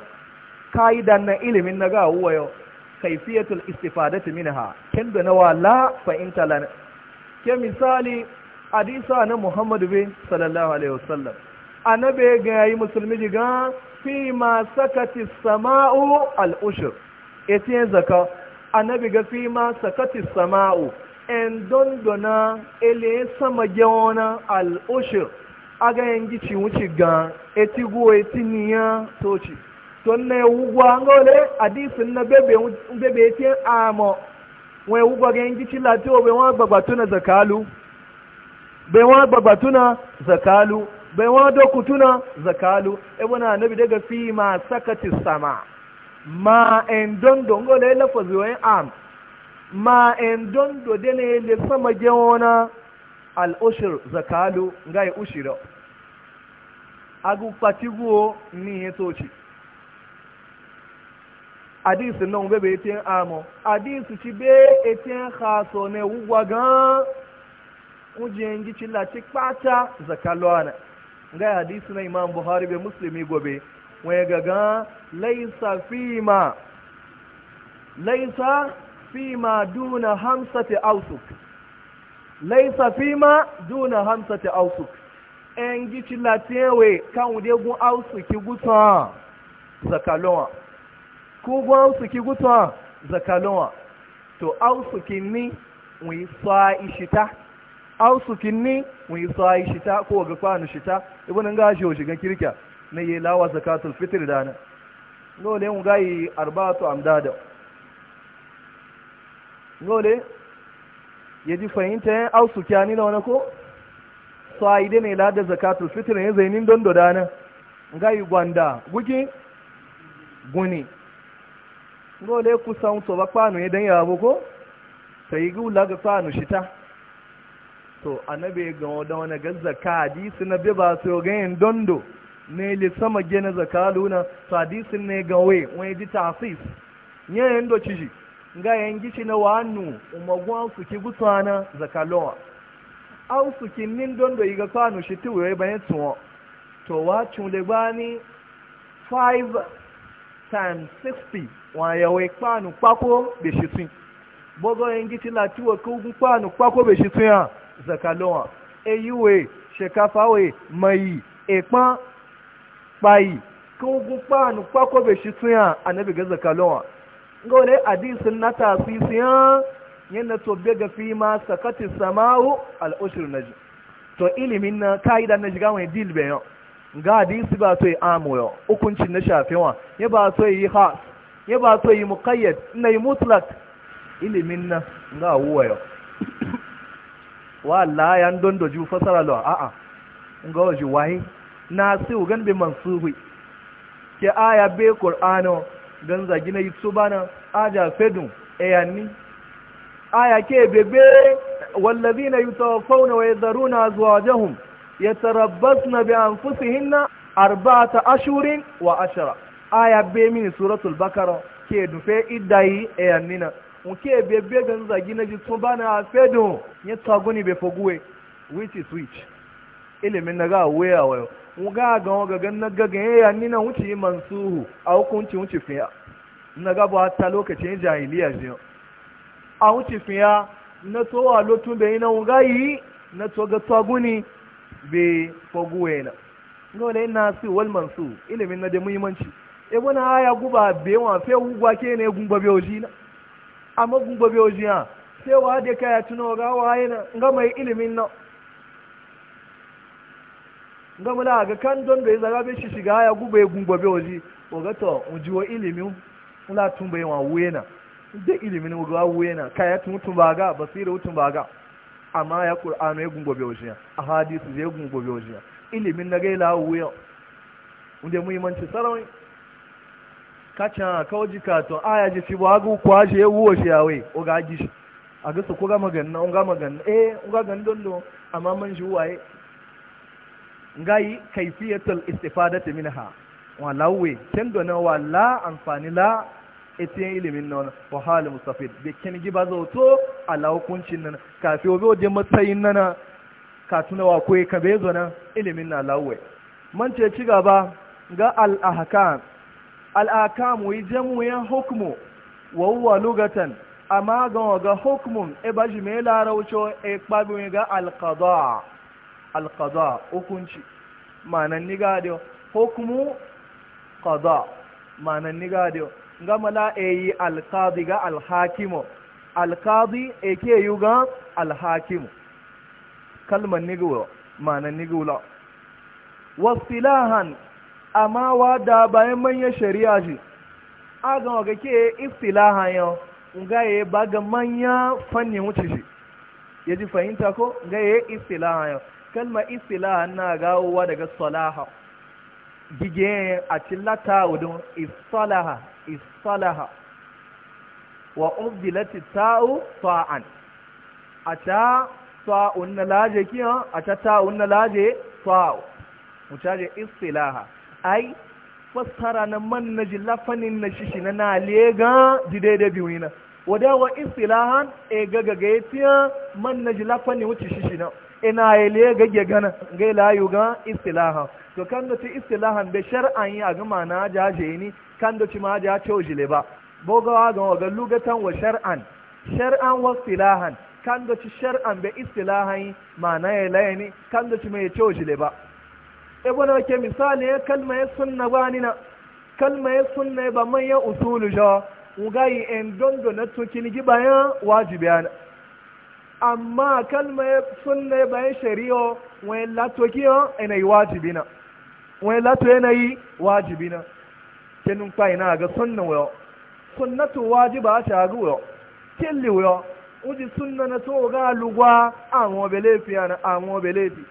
kaidan na ilimin na ga uwe yo kaifiyatul istifadati minha kendo na wala fa intala ke misali hadisa na muhammadu be sallallahu alaihi wasallam annabi ga yayi musulmi diga fi ma sakati sama'u al ushur etiyen zaka annabi ga fi ma sakati sama'u en dondona ele sama jona al ushur aga yangi ci wuci ga eti go eti niya toci to ne wugwa ngole hadisin na bebe bebe etiyen amo we wugwa ga yangi ci lati obe wa gbagbatuna zakalu bai wa babatuna zakalu bai wa dokutuna zakalu ebuna nabi daga fi ma sakati sama ma en dondo ngole lafazi wa am ma en dondo ne le sama jewona al ushur zakalu ngai ushiro agu patiguo ni etochi hadisi nan bebe etin amo hadisi ti be etin khaso ne wugwa gan ujengi gici lati kpata zakalwana ngai hadisi na imam buhari be muslimi gobe wega ga laisa fima laisa fima duna hamsati ausuk laisa fima duna hamsati ausuk en gici latiyewe kan wude gun ausuki gusa zakalonwa ko gun ausuki gusa zakalonwa to awsuk ni wi sa ishita aw sukinni isa yi shita ko ga kwanu shita ibn gashi wa shiga kirkiya na yi lawa zakatul fitr dana dole mu gayi arbatu amdada dole ji fahimta yan aw ni na wani ko yi dai ne lada zakatul fitr ne zainin don dana gayi gwanda guki guni dole kusan so ba kwanu dan yabo ko sai gula ga kwanu shita to bai ga wada wani ga zaka hadisi na bi ba su gayin dondo ne li sama gena zaka luna to hadisi ne ga we wani ji tasis yayin do ciji ga yangi shi na wanu umagwan su ki gutana lowa au su kin nin dondo iga kwanu shi tuwe bayan tuwo to wa chule bani 5 times 60 wa yawai kwanu kwako be shi tun bogo yangi ti latiwo ko gun kwanu kwako be shi tun ya zakalowa eyiwe shekafawe mai ekpan kpayi kogun ko kwakobe shi tuya anabi ga zakalowa ga wani hadisin na tasisiyan yadda to bega fi ma sakati samawu al'ushir na ji to ilimin na ka'ida na shiga wani dil bayan ga hadisi ba to yi e amoyo hukuncin na shafewa ya ba to e yi ha ya ba to e yi muqayyad na yi mutlak ilimin na ga wuwayo wala yan don doju fasara lo a'a nga waje waye na sai ugan be mansuhi ke aya be qur'ano dan zagi na yitsubana aja fedun eyanni aya ke bebe wallazina yutawaffawna wa yadharuna azwajahum yatarabbasna bi anfusihinna arba'ata ashhurin wa ashra aya be min suratul bakara ke dufe idai eyannina nke bebe ga nzagi na ji tun bana afedo nye taguni be foguwe which is which ilimin na ga waya wayo mu ga ga ga ga na ga ga ya ni na wuce mansuhu a hukunci wuce fiya na ga ba ta lokacin jahiliya je a wuce fiya na to a lotun da ina mu ga yi na to ga taguni be foguwe na ngole ina su wal mansuhu ilimin na da muhimmanci ebona bona aya guba be wa fe ugwa ke ne gumba be ojina amma gun gobe wajiya sai wa da kaya tuno ga waye na ga mai ilimin na ga mula ga kan don bai zaga bai shi shiga ya gube gun gobe waji wa ga to uji wa ilimin mula tun bai wa wuye na da ilimin ga wuye na kaya tun tun ba ga basira tun ba ga amma ya qur'anu ya gun gobe wajiya ahadisu ya gun gobe wajiya ilimin na ga ila wuye inda muhimmanci sarawai kacha kawaji kato aya ji fibo agu kwaje wuwo shi yawe o ga gishi a ga su ko ga maganna on ga maganna eh on ga gan dondo amma man shi waye ngai kaifiyatul istifadati minha walawe kendo na wala amfani la etiyan ilimin nan wa halin mustafid da kin giba to ala hukuncin nan kafi obi oje matsayin nana ka tuna wa koyi ka bezo nan ilimin na lawe man ce ci gaba ga al-ahkam al'akamu yi jamuyen hukumu wa huwa lugatan amma ga waga hukumun e ba shi mai larauco e kpabin ga alkada alkada hukunci manan ni gadiyo hukumu kada manan ni gadiyo gama la e yi alkadi ga alhakimu alkadi e ke yi ga alhakimu kalmar niguwa manan nigula wasilahan amma wa da bayan manyan shari'a ce a ga waga ke istilaha yau ga ya ba ga manya fannin wuce shi ya ji fahimta ko ga ya istilaha yau kalma istilaha na gawowa daga salaha gige a cillata wudun istalaha istalaha wa ubdilati ta'u fa'an a ta fa'un na laje kiyan a ta ta'un na laje fa'u mutaje istilaha ai fassara na man na ji lafanin na shishi na na lega ji daidai biyu na wadawa istilahan e gaga ga yatiya man na ji lafanin wuce shishi na ina e ya lega ga gana ga layu ga istilahan to kan da ci istilahan da shar'an yi a gama na jaje ni kan da ci ma ja ce jile ba bogawa ga waga lugatan wa shar'an shar'an wa istilahan kan da ci shar'an da istilahan yi ma na ya layani kan da ci mai ce jile ba ibn wake misali ya kalma ya sunna bani na kalma ya sunna ba man ya usulu jo ugayi en dondo na tukin giba ya wajibi ana amma kalma ya sunna bayan shari'o wai lato kiyo ina yi wajibi na wai lato yana yi wajibi na kenin kwa ina ga sunna wayo sunnatu wajiba ta ga wayo kelli wayo uji sunna na to ga lugwa an obelefi ana an obelefi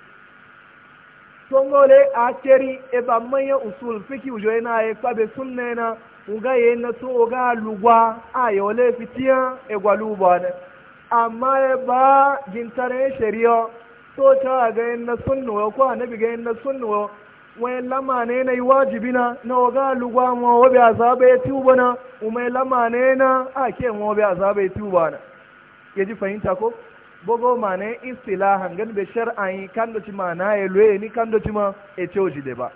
songole a teri e ba manya usul fiki ujo na e kwabe sunna na uga ye na to tota ga lugwa a ye ole fitiya e gwalu ba ne amma e ba gintare shari'a to ta ga na sunna ko annabi ga na sunna wai lama ne na yi wajibi na na waga lugwa ma wabi azaba ya tuba na umai lama ne na a ke wabi azaba ya tuba na ya ji fahimta ko bogo mane istilahan gan be shar'ayi kan do cima na ye loye ni kan do cima e choji de ba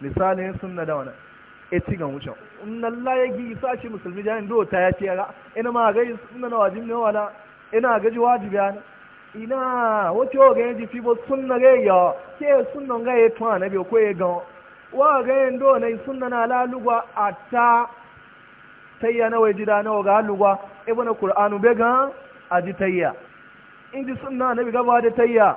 misali sunna da wana e ci ga wucin in Allah ya gi sa shi musulmi jan do ta ya tiyara ina ma ga sunna na wajibi ne wala ina ga ji wajibi ana ina wace o ga ji bo sunna ga ya ke sunna ga ya to na bi ko ya ga wa ga en do na sunna na lalugwa atta tayya na wajida na ga lugwa ibn qur'anu be ga tayya indi sunna na bi gaba da tayya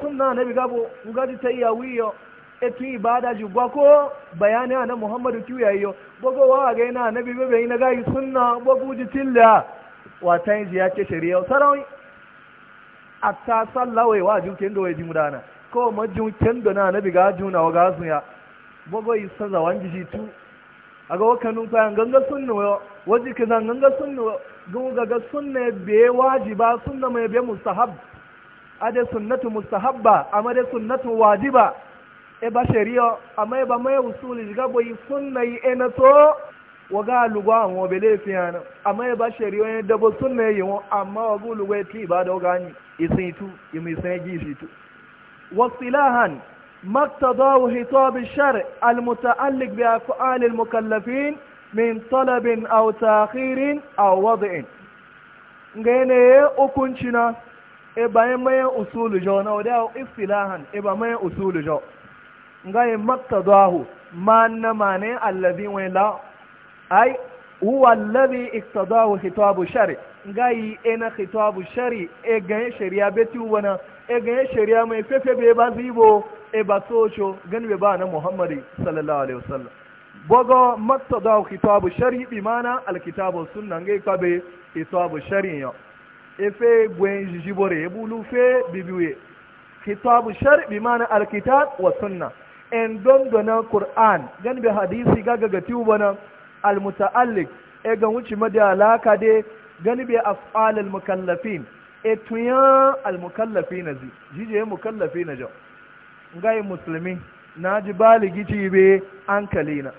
sunna na bi gabo ngaji tayya wiyo etu ibada ju gwa ko bayani ana muhammadu yayo bogo wa ga ina nabi bebe ina ga sunna bogo ji tilla wa tayi ji ya shari'a sarawi atta sallawe wa ju kendo wa ji mudana ko ma ju ken do na nabi ga ju na wa ga sunya ya bogo yi saza wangi ji tu aga wakanun fa ganga sunna waji kaza ganga sunna gunga ga sunna be wajiba sunna mai be mustahab ade sunnatu mustahabba amma de sunnatu wajiba e ba shari'a amma e ba mai e usuli ga boyi sunna yi ena to waga lugwa won be le fi ana amma e ba shari'a ne da bo sunna yi won amma wagu lugwa e ti ba da ga ni isin e tu yimi sai gi shi tu wasilahan مقتضاه خطاب الشرع المتعلق بأفعال المكلفين min talabin aw takhirin aw wad'in ngene ukuncina e baye maye usulu jo na wada istilahan e ba maye usulu jo ngaye maqtadahu man na mane alladhi wa la ai huwa alladhi iktadahu khitabu shari Ngai ena khitabu shari e gaye sharia betu wana e gaye sharia mai fefe be ba zibo e ba socho ganbe ba na muhammadi sallallahu alaihi wasallam bogo matada kitabu shari bi mana alkitabu sunna ngai kabe kitabu shari yo efe gwen jibore bulu fe bibiwe kitabu shari bi mana alkitab wa sunna en don dona qur'an gan bi hadisi gaga ga tubana almutaalliq e ga wuce madi alaka de gan bi af'al almukallafin e tuya almukallafin ji, jije mukallafin jo ngai na naji baligi cibe ankalina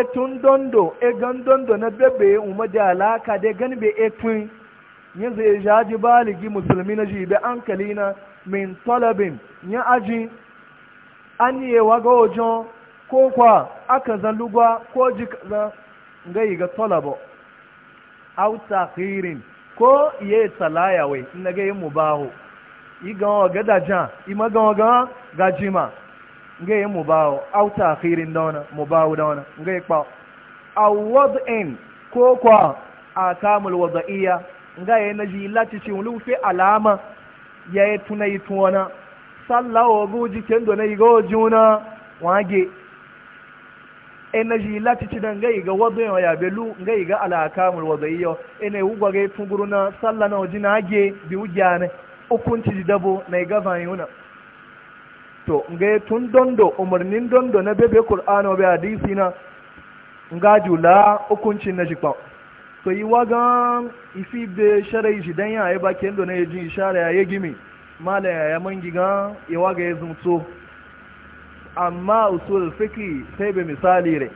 etun dondo egan dondo na bebe umma da alaka da gan be etun yanzu ya jaji baligi musulmi na ji be ankali na min talabin ya aji an yi ga wajen ko kwa aka zalugwa ko ji kaza gai ga talabo au takhirin ko iye salaya wai na ga yin mubahu yi ga gadajan ima ga gajima nga ya mubawo au ta'khirin da wani mubawo da wani nga ya kpa au wad'in ko kwa akamul wada'iyya nga ya naji lati ci wulu fi alama ya yi tunayi tuwana sallawo buji kendo na igo juna wage energy lati ci dan gai ga wado yawa ya belu gai ga alakamul wadaiyo ene ugwa gai tunguru na sallah na wajina age bi ugyane ukunci dabo na iga vanyuna to ga tun dondo umarnin dondo na bebe qur'ano be hadisi na nga jula hukuncin na jikpa to yi waga ifi be sharai shi ya yaye ba kendo na yaji ya ya gimi mala yaya mangi ga ya waga ya zumto amma usul fiqi sai be misali re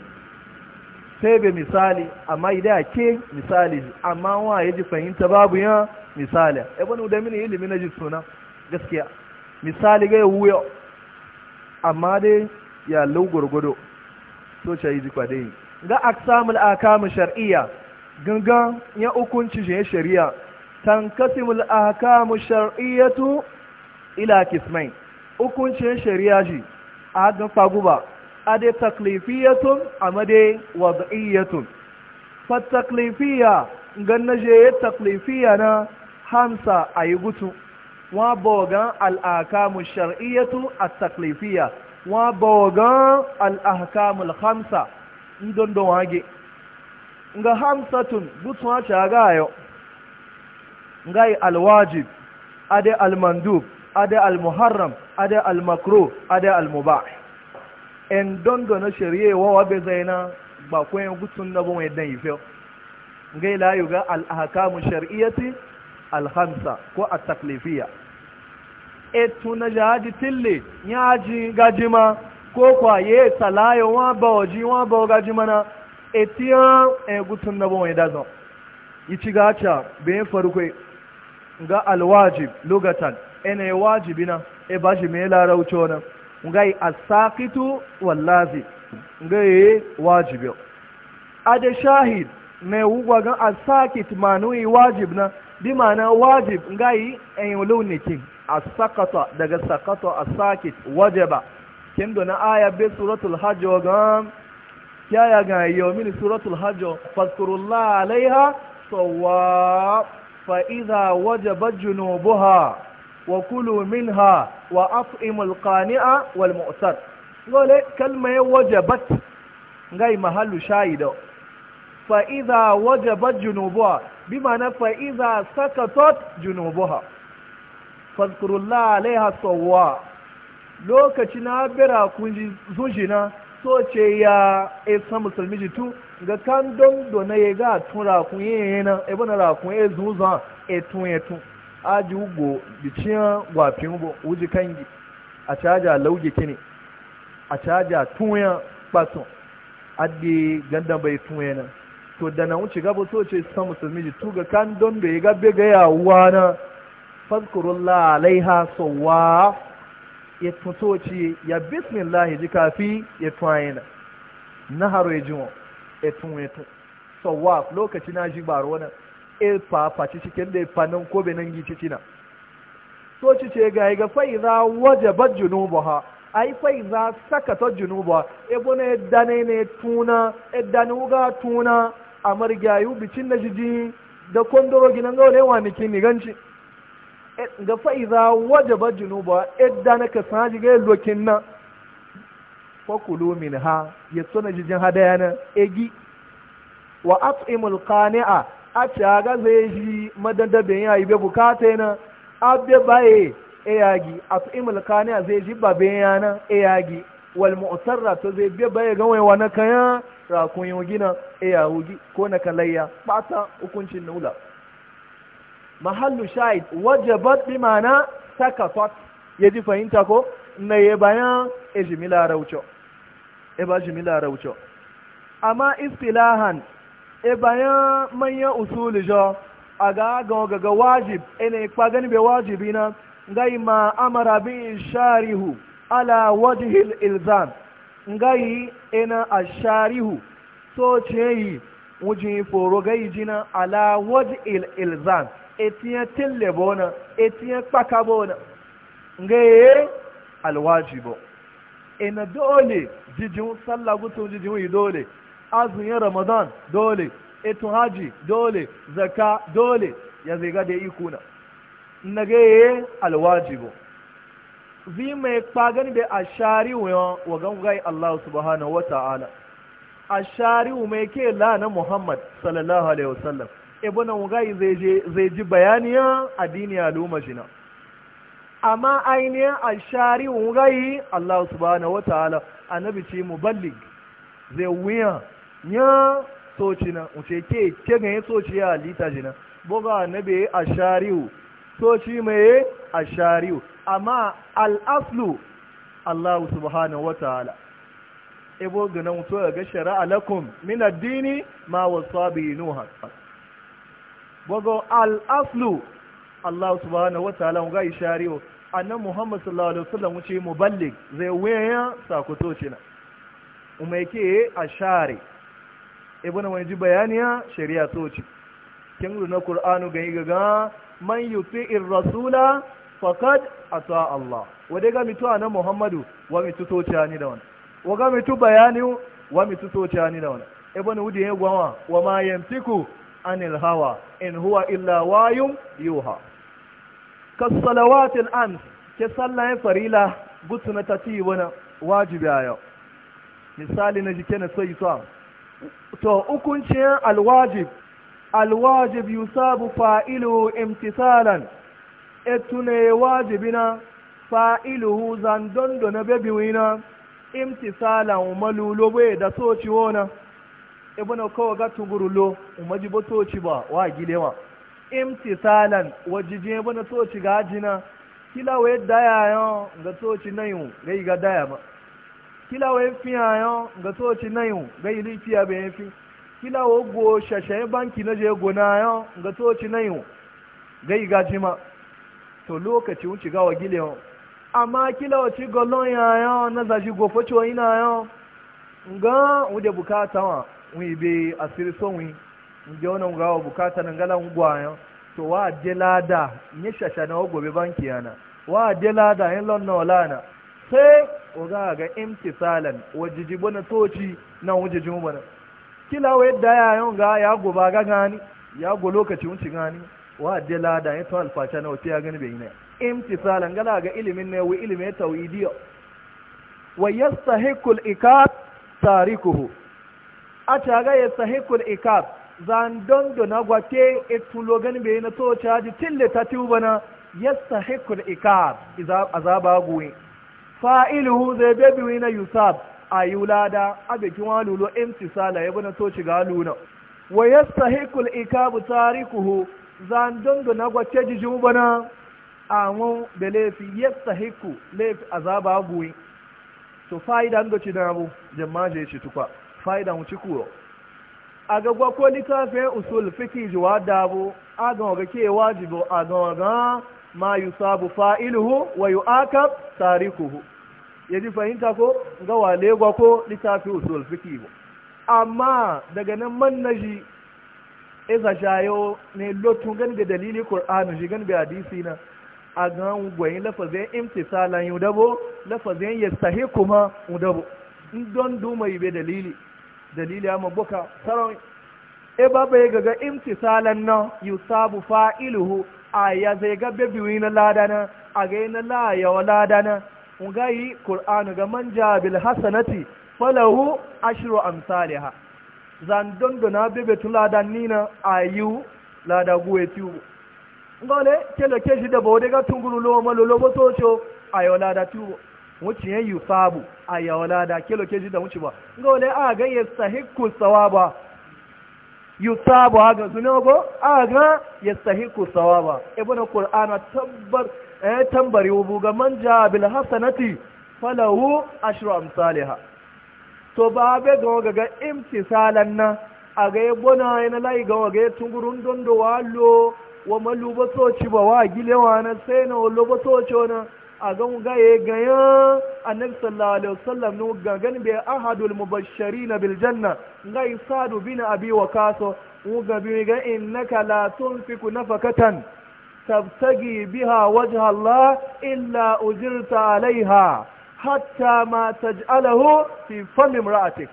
sai be misali amma idan ke misali amma wa ji fahimta babu ya misali ebe bani da mini ilimi na ji suna gaskiya misali ga ya wuya amma dai ya lau gwargwado so ce yi jikwa dai ga samun akamun shari'a gangan ya hukunci shi shari'a akamun shari'a tu ila kismai ya shari'a shi a ga faguba a dai taklifiyatun a made wad'iyyatun fa taklifiya ganna je taklifiya na hamsa a yi gutu wọ́n bọ̀ gan al'akamu shar'iyyatu at-taklifiya wọ́n bọ̀ gan al'akamu al-hamsa ndondon wage nga hamsatun gutsuwa shaga yau nga yi alwajib ade almandub ade almuharram ade almakro ade almubah en dondo na shari'a wa bai zaina ba kwayan gutsun na bon yadda yi fiyo nga yi layu ga al'akamu shar'iyyati al-hamsa ko at-taklifiya etu na jaji tille ya ji gajima ko kwa ye salayo ji ba oji wa ba gajima na etiya egutun na bon idazo ichi gacha be farko ga alwajib lugatan ene wajibina e baji me laraucho na ngayi asakitu wallazi ngai e wajibi ade shahid me wugwa ga asakit manui wajib na bi mana wajib ngai en lunikin asakata daga sakata asakit wajaba kendo na aya be suratul hajj ga kya ga yomin suratul hajj fadhkurullah alaiha sawa fa idha wajaba junubuha wa kulu minha wa at'imul qani'a wal mu'tar gole kalma ya wajabat ngai mahallu shahida fa idha wajabat junubuha bima na fa idha sakatat junubuha fadkurullah alaiha sawwa lokaci na bira kunji zujina so ce ya isa e musulmi jitu ga kan don dona ya ga tun rakun yin yana ebe na e rakun ya zuza etun etun aji ugbo biciyan gwafin ugbo wuji kangi a caja lauge kini a caja tunya kpasun adi ganda bai ya na to da na wuce gaba so ce isa musulmi jitu ga kan don da ya ga bega na fadkurullah alaiha sowa ya fito ce ya bismillah ji kafi ya tuwayena na haro ya jiwon ya tun ya tun sowa lokaci na ji baro wani ilfa e, faci cikin da ya fanin ko benin gici cina so ci ce ga ga fa'iza wajabat junubaha ai fa'iza ha junuba e, na edane ne tuna edane wuga tuna a amargayu bicin na jiji da kondoro ginan ga wani wani kin ni ganci ga fa'iza ba jinuba idda na ka saji ga lokin nan fakulu min ha ya suna jijin hadaya na egi wa atsimul kani'a a ga zai shi madandabin yayi bai bukata na abe baye eyagi atsimul qani'a zai ji babe yana eyagi wal mu'tarra to zai bai baye ga wai wani kayan rakun yogina eyahugi ko na kalayya ta hukuncin nula mahallu shahid wajabat bi ma'ana sakafat yaji fahimta ko na ye bayan e raucho e ba jimila raucho amma istilahan e bayan usuli jo aga ga ga wajib ene kwa gani be wajibi na ngai ma amara bi sharihu ala wajhi al-ilzam ngai ina asharihu so cheyi wujin foro gai jina ala wajhi al-ilzam etiyan tillebo na etiyan kpakabo na nga ye alwajibo ina dole jijin sallah gutun jijin yi dole azumin ramadan dole etu haji dole zaka dole ya ziga da ikuna na ye alwajibo zi mai kpagan da ashari wa gai Allah subhanahu wa ta'ala ashari mai ke lana Muhammad sallallahu alaihi wasallam ebona ngai zai ji bayaniya addini al'umma jina amma ainihin alshari ngai Allah subhanahu wataala annabi ce muballig zai wuya ya socina uce ke ke ga soci ya lita jina boga annabi alshari soci mai alshari amma al'aslu Allah subhanahu wataala ebo ganan to ga shari'a lakum min addini ma wasa bi nuha gbogbo al'aslu Allah subhanahu wa ta'ala ga ishariyo annan Muhammad sallallahu alaihi wasallam wuce muballig zai waya sakuto cina kuma ke a share ibn wani ji bayaniya shari'a toci kin na Qur'anu ga yi ga man fi'in rasula a ata Allah wadda ga mitu nan Muhammadu wa mitu toci ani da wani. wa ga mitu bayani wa mitu toci ani da wani. ibn wudi ya gwawa wa ma yamtiku anil hawa in huwa illa wayun yuha kasalawatil ams ke sallayen farila gutuna ta ci wani wajibi a yau misali na jike na sai to to hukuncin alwajib alwajib yusabu fa'ilu imtisalan etune wajibina fa'iluhu zandon na bebiwina imtisalan malulobe da so ciwona ibn kawai ga lo umaji ba toci ba wa gilewa imtisalan wajijin ibn toci ga ajina kila wai daya yo ga toci nayu ga ga daya ba kila wai fi yo ga toci nayu ga ili fi abe fi kila wa go shashe banki na je gona yo ga toci nayu ga ga jima to lokaci wuce ga wa gilewa amma kila wa ci golon ya yo na zaji gofo ciwo ina yo ga wuje bukata wa wi be asiri so wi nje ona ngawo bukata na ngala ngwaya to wa de lada nye shasha na ogobe banki yana wa de lada lon no lana sai oga ga imtisalan wajiji bona toci na wajiji mu bana kila wa yadda ya yon ga ya goba ga gani ya go lokaci ci gani wa de lada to alfasha na wace ya gani bai ne imtisalan gala ga ilimin ne wa ilimin tauhidiyya wa yastahiqul ikat tarikuhu a caga ya sahikul ikab zan don dona gwate etulogan bai na so caji tilde ta tubana ya sahikul ikab azaba guwe fa'iluhu zai bebi na yusab a yi wulada a bikin walulo imtisala ya bana so shiga luna wa ya sahikul ikab tarikuhu zan don dona gwate jijin bana awon da laifi ya sahiku laifi azaba guwe to fa'idan da ci na abu jama'a je shi tukwa fa'ida mu ci kuro a ga gwa ko littafin usul fiki jiwa dabo a ga ga ke wajibo a ga ga ma yusabu fa'iluhu wa yu'aqab tarikuhu yaji fahimta ko ga wale gwa ko littafin usul fiki bo amma daga nan man naji iza shayo ne lotun gani da dalili qur'ani shi gani da hadisi na a ga gwayin lafazin imtisalan yudabo lafazin yastahi kuma udabo don yi be dalili dalili ya mabuka saron e baba ya gaga imtisalan nan yusabu fa'iluhu a ya zai ga bebiwi na ladana a ga na layawa ya wa ladana yi ga manja bil hasanati falahu ashru amsalha zan don dona bebe ladan nina ayu lada guwe tu ngole ke keji da bode ga tungulu lo malo lo a ayo lada tu wuce ya yi sabu a yawala da kilo keji da wuce ba ga wale a ga ya sahiku ba yi sabu a ga suna ko a ga ya sahiku sawaba ibi na ƙur'ana tabbar eh tambari wubu ga manja bil hasanati falahu amsali ha to ba be ga ga salan na a ga ya bona na layi ga ya tungurun dondo walo wa maluba soci ba wa gilewa na sai na walo ba soci na a zan gaye gaya annabi sallallahu alaihi wasallam no gangan bi ahadul mubashirin biljanna janna ngai sadu bin abi waqaso u ga bi ga innaka la tunfiku nafakatan tabtagi biha wajha allah illa ujirta alaiha hatta ma taj'alahu fi fam imra'atik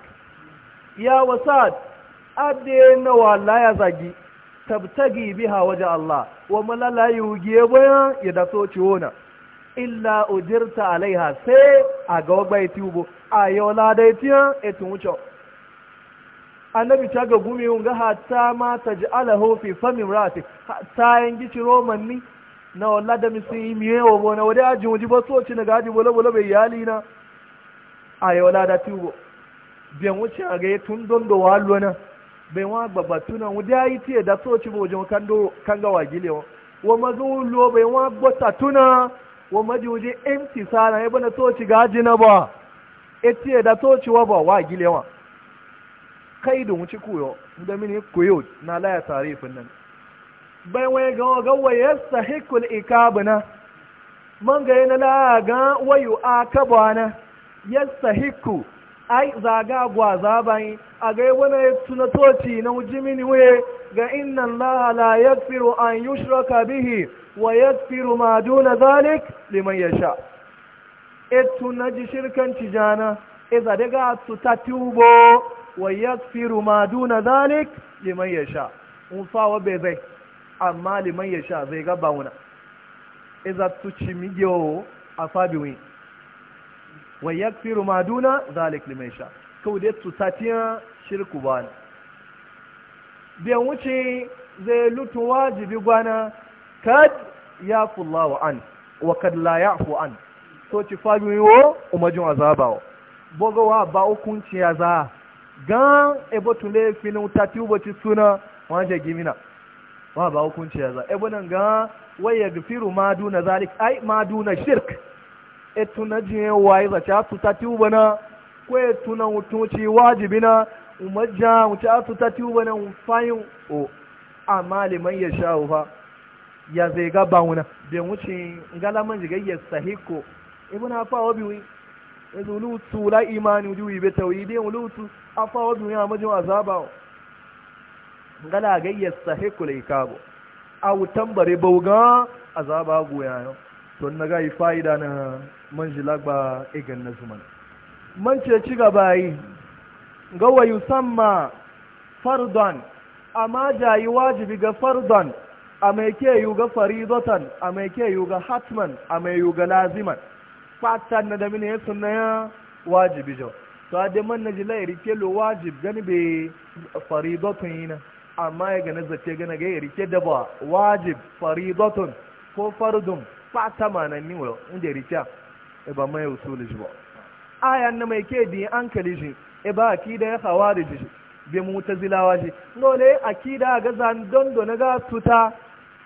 ya wasad ade na wala ya zagi tabtagi biha waje allah wa malala yugiye bayan ya daso ciwona illa ujirta alaiha sai a ga wagba ya ubu a yau ladai tiyan etin wuce annabi ta ga gumi yun ga hata ma ta ji ala hofi fami rati ta yin gici roman ni na wala da misin yi miye wa bona wadai ajin wuji ba soci na gaji bolo bolo bai yali na a yau lada ubu biyan wuce a ga tun don da walo na bai wa gbagbatunan wadai yi tiye da soci ba wajen kan gawa gilewa wa mazu lo bai wa gbata tuna wa majuji sana ya bana toci gaji na ba etiye da toci wa ba wa gilewa kai da wuci kuyo da mini kuyo na laya tarifin nan bai wai ga ga waye sahikul ikabna man ga yana la ga wayu akabana yastahiku ai zaga gwa zabai a ga wani tuna toci na mini waye ga inna allaha la yaghfiru an yushraka bihi wa yaghfiru ma duna zalik liman yasha etu naji shirkan tijana iza daga su tutatubo wa yaghfiru ma duna zalik liman yasha un fawa be zai amma liman yasha zai ga bawuna iza tuci miyo afabi wi wa yaghfiru ma duna zalik liman yasha su tutatiya shirku bana bai wuce zai lutu wajibi gwana kad yafu Allah an wa kad la yafu an so ci yi wo umajun azaba o ba wa ba hukunci ya za gan ebo tule filin tati ubo ci suna wanje gimina wa ba hukunci ya za ebo nan ga waya gafiru ma duna zalik ai ma duna shirk e na jiye waye za ta tati ubana na ko etu na mutunci wajibina umaja mutatu tati ubana na fayin o amma liman ya sha'u fa ya zai ga ba wuna bai wuce galaman jiga ya sahiko ibn afa wa biwi yanzu lutu la imani diwi be tawhidi a lutu afa wa biwi majin azaba gala ga ya sahiko lai kabo wutan bare bauga azaba goya yau, to na ga fa'ida na manjila ba igan na zuman man ce ci gaba yi ga wa yusamma fardan amma jayi wajibi ga fardon a mai ke yi ga faridotan a mai ke yi ga hatman a mai yi ga laziman fatan na da mini ya suna ya wajibi jau to a da man na ji lairi ke lo wajib gani be faridotan yi na amma ya gani zace gani ga ya rike da ba wajib faridotan ko fardun fata ma na ni wa inda rike e ba mai usuli shi ba ayan na mai ke di an kali shi e ba akida ya hawari shi bi mutazilawa shi ngole akida ga zan dondo na ga tuta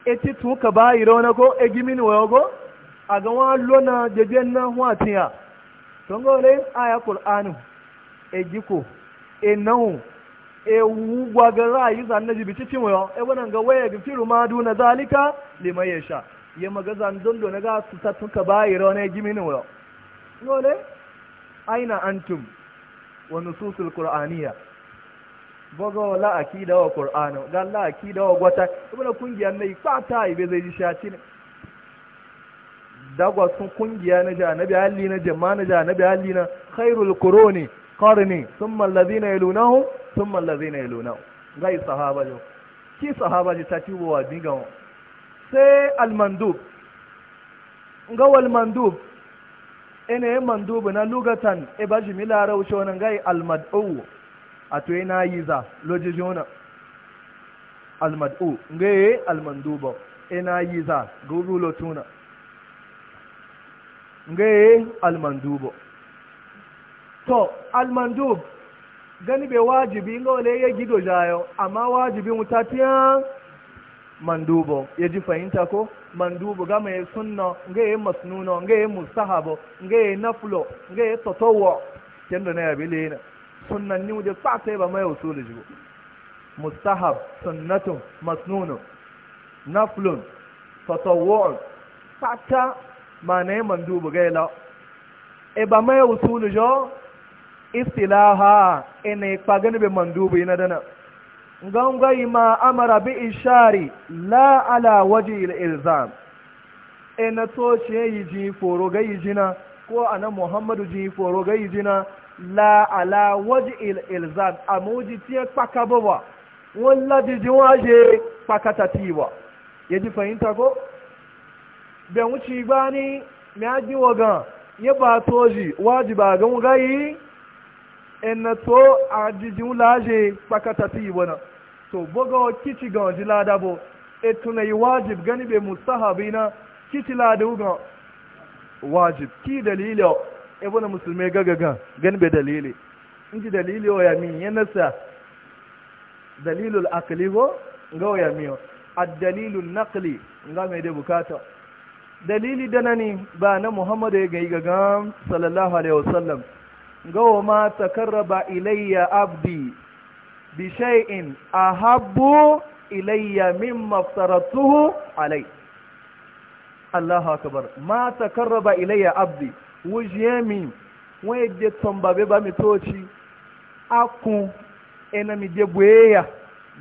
eti tun ka ba yi rauna ko egimin gimi a ga wa lona jejen na watiya don ga wale aya qur'anu e giko e nahu e wugwa ga rayu zan na jibiti tin wayo e wannan ga waya ga firu ma na zalika liman yasha ya maga zan don do na ga su ta tun ka ba yi rauna egimin gimi ni wayo ngole aina antum wa nususul qur'aniyya bogo la akida wa qur'ano gan la akida wa gwata ibn kungiya ne fata ibe zai ji shati ne dagwa sun kungiya na janabi halli na jama'a na janabi halli na khairul quruni qarni thumma alladhina yalunahu thumma alladhina yalunahu gai sahaba jo ki sahaba ji tati wa diga sai al mandub wal mandub ene mandub na lugatan e baji milara wuce wannan gai al mad'u a to yana yi za loji jona almad'u ga yi almanduba yana yi za ga rulo tuna ga yi almanduba to almandub gani be wajibi ga wale ya gido jayo amma wajibin mutatiyan mandubo ya ji fahimta ko mandubo ga mai sunna ga yi masnuno ga yi musahabo ga yi naflo ga yi totowo kendo na yabi lena waje wuje sai ba mai usuli jigo mustahab sunnatun masnunun naflun Fata, ma ne yi mandubu gaila e ba mai usuli jo istilaha e ina yi gani bi mandubu na dana gangayi ma amara bi ishari la ala waje ilzam Ina e na so ce yi ji foro gayi jina ko ana muhammadu ji foro gayi jina la ala waje ilzam amma waje tiye kpakabo ba wani ladiji waje kpakata ti ba ya fahimta ko bai wuce ba ni mai aji wagan ya ba toji waje ba gan gayi ina to a jijin laje kpakata ti ba na to boga kici ga waje ladabo etuna yi wajib gani bai mustahabi na kici ladu ga wajib ki dalilin ibn musulmai gagaga gan bai dalili in ji dalili wa ya min ya nasa dalilul akali ko ga wa ya miyo addalilun naqli ga mai da bukata dalili da nani ba na muhammadu ya e gai gaga sallallahu alaihi wasallam ga wa ma takarraba ilayya abdi bi shay'in ahabbu ilayya mimma aftaratuhu alai Allahu akbar ma takarraba ilayya abdi wujie mi wee je tomba be ba mi toci akun ena mi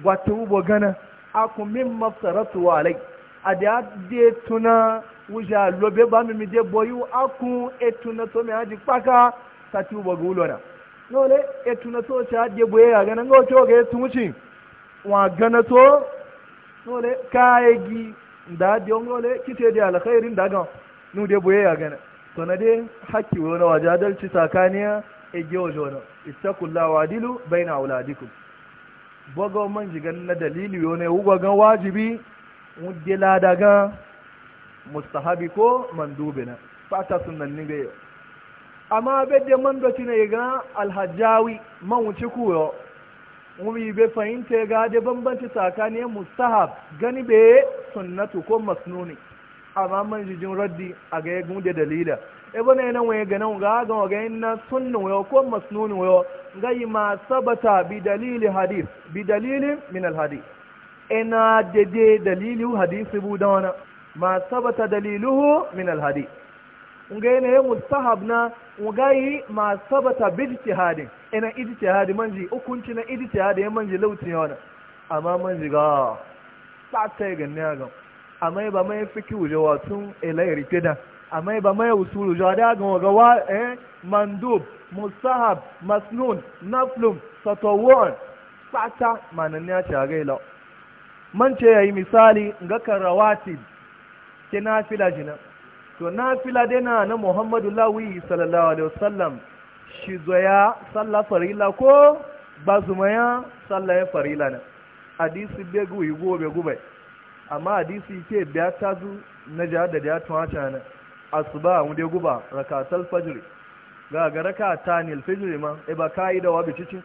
gwata ubo gana akun min mafsaratu alai a da de tuna wuje lobe ba mi bụ boyu akun etuna to mi haji paka sati ubo gulona nole etuna to a je bueya gana wa gana to nole kaegi nu de bueya gana to na dai haƙƙi wani waje adalci tsakaniya ege waje wani kula wa dilu bai na auladiku bogo man jigan na dalili wani wugwagan wajibi wudde ladaga mustahabi ko mandubi na fata sunan ni bai amma bedde man doci na yaga alhajjawi man wuce kuyo wumi bai fahimta ga da bambanci tsakaniya mustahab gani bai sunnatu ko masnuni amma man jin raddi a ga ya gunde dalila e bana yana waye ga nan ga ga waye na sunnu wayo ko masnun wayo yi ma sabata bi dalili hadith bi dalilin min al hadith ina e dede dalilu hadisi bu da wana ma sabata daliluhu min al hadith nga yana ya mustahab na ugayi ma sabata bi ijtihadin ina ijtihadi e manji hukunci na ijtihadi manji lauti yana amma manji ga ta ta ga ne ga amma ba mai fiki wa tun ilayar kidan amma ba mai usulu wuje da ga ga wa eh mandub musahab masnun naflum satawon fata manan ya ce ga ila man ce yayi misali ga karawati ke nafila jina to nafila dai na na Muhammadu lawi sallallahu alaihi wasallam shi zoya sallah farila ko bazumaya sallah farila na hadisi begu yugo begu amma hadisi ke biya ta zu na jihar da ya tuwa hata na asuba dai guba rakatal fajr ga ga raka ta nil fajr ma e ba kai da wa bicici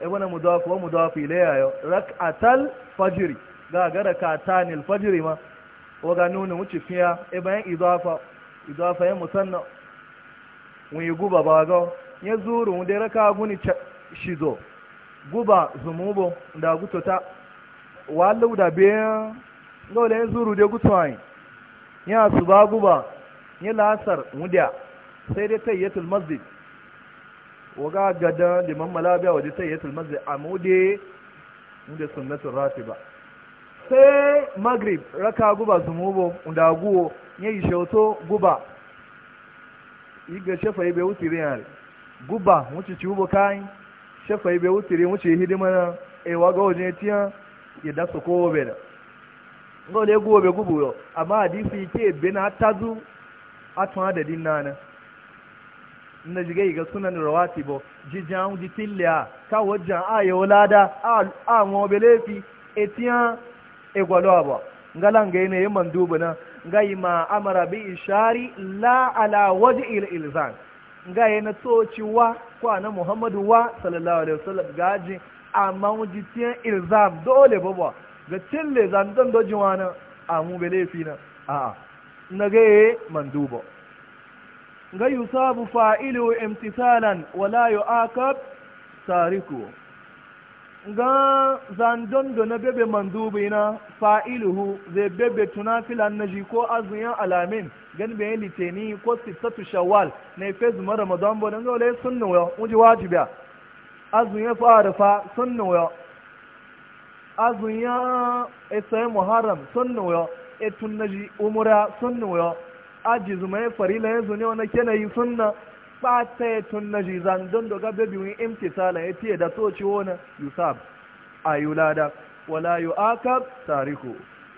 e wana mudaf wa mudaf ilayya yo rakatal fajr ga ga raka ta nil fajr ma wa ga nuna wuce fiya e bayan idafa idafa ya musanna mu yi guba ba ga ya zuru dai raka guni shizo guba zumubo da gutota wa lauda biyan dole yin zuru da gutsuwayi ya su ba guba ya lasar mudiya sai dai ta tayyatul masjid waga gada liman malabiya waje ta tayyatul masjid a mude inda sunnatul ba sai maghrib raka guba su mubo da guwo ya yi shauto guba yi ga shafa yi ibe wutiri yare guba wuce ci ubo kayan shafa yi bai wuce hidima na ewa ga waje tiyan ya dasa kowa bai da ngo le egwu be gubuyo amma hadisi ike ebe na tazu atun adadin nana na jige ga sunan rawati bo jijan ji tilya ka wajan ayo lada a mo belefi etian egwalo abo ngala ngene yeman dubuna ngai ma amara bi ishari la ala waji il ilzan ngai na tociwa kwa na muhammadu wa sallallahu alaihi wasallam gaji amma wujitiyan ilzam dole babo ga cille zandan dojin wani a mu be laifi na a na gaye manduba ga sabu fa'ilu imtisalan wala yu'aqab tariku ga zandon da na bebe mandubi na fa'iluhu zai bebe tunafilan na ji ko azuyan alamin gani bayan litini ko sitatu shawwal na ife zuma ramadan bo don gaule sun wuyo wuji wajibiya azuyan fara fa sunna wuyo azun ya esaye muharram sunna yo etun naji umura sunna yo aji zuma e farila yanzu e ne wani kenayi sunna ɓata ya e tun na zan don daga babin imtisala ya tiye da ci wani yusab a yulada wala yu aka tariku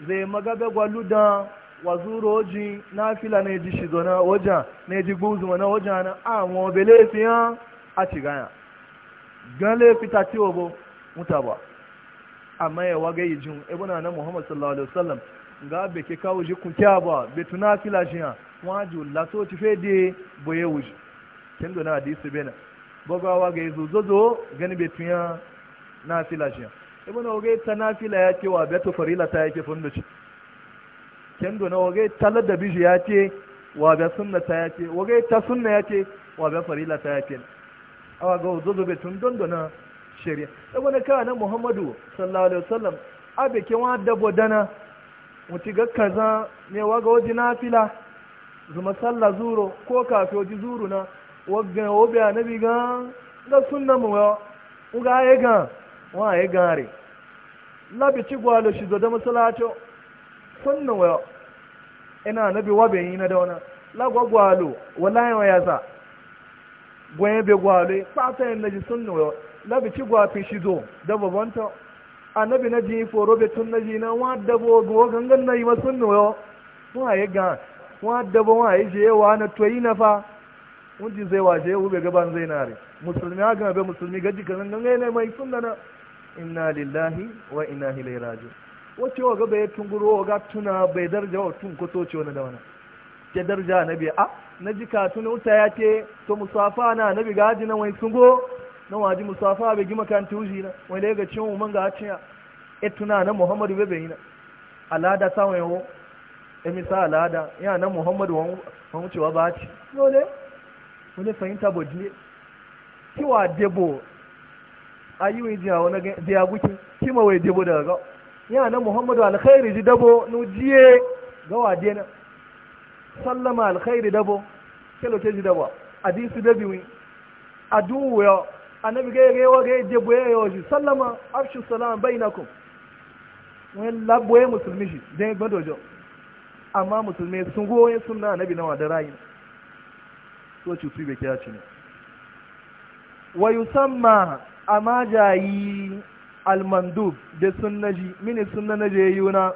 zai magabe gwalu da wazuro ji na fila na ji shi na wajen na ji gbuzu na wajen na a mobile a cigaya Ga laifi ta ciwo mutaba amma ya waga yi jin ibuna na muhammad sallallahu alaihi wasallam ga be ke kawo ji kun kya ba be tuna fila shi ha waju la so ti fe de boye wuji kin do na hadisi bena boga waga yi zozo gani be tunya na fila shi ibuna waga ta na fila ya ce wa betu farila ta yake funduci kin do na waga ta ladda biji ya ce wa be sunna ta ya waga ta sunna ya ce wa be farila ta ya awa ga zozo be tun don na. shari'a ɗan wani kawai na muhammadu sallallahu alaihi wasallam abe ke wa dabo dana wuce ga kaza ne waga waje na fila zuma salla zuro ko kafin waje zuru na wagga wabe a na biga ga sunna mu ya uga ya ga wa ya gare labi ci gwalo shi zoda masalato sunna wa ina bi wabe yi na dauna lagwa gwalo wallahi wa yasa gwaye be gwalo fata yin na ji sunna wa Labi labici gwafi shi zo da babanta annabi na ji foro be tun na ji na wa dabo go gangan na yi masun noyo wa ya ga wa dabo wa ya je wa na toyi na fa mun ji zai waje ube gaban zai na re musulmi ha ga be musulmi ji kan gangan ne mai sunna na inna lillahi wa inna ilaihi raji'un wace wa gaba ya tunguro wa ga tuna bai darja wa tun ko soce wani da wani ke darja na biya a na ji katuna wuta ya ce to musafa na na biga na wai sungo na waji musafa bai gima kan tuji na wani daga cin umman ga ya etuna na muhammadu bai bai na alada samun yawo misa alada ya na muhammadu wani cewa ba ci lole wani fahimta ne kiwa debo ayiwe jiya wani jiya gukin kima wai debo daga ga ya na muhammadu alkhairi ji dabo jiye ga wade na sallama alkhairi dabo kelo ke ji dabo hadisi a aduwo annabi ga yare wa ga yadda boye ya waje sallama afshu salam bainakum wani laboye musulmi shi da ya gbado jo amma musulmi sun goye suna annabi na wadda rayu so ci su bai kira ci ne wa samma amma jayi almandu da sunnaji mini suna na je yuna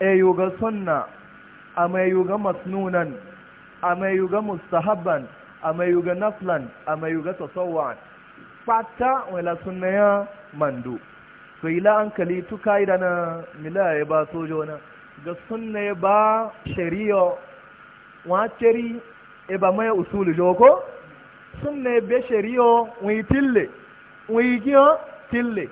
ayu ga sunna a mai ga masnunan a mai ga mustahabban a mai ga naflan a mai ga tasawwan fata wala ya mando so ila hankali tuka da na milaya ba sojo na ga ya ba shari'a wa ceri e ba mai usulu joko sunnaya be shari'a wi tille wi giyo tille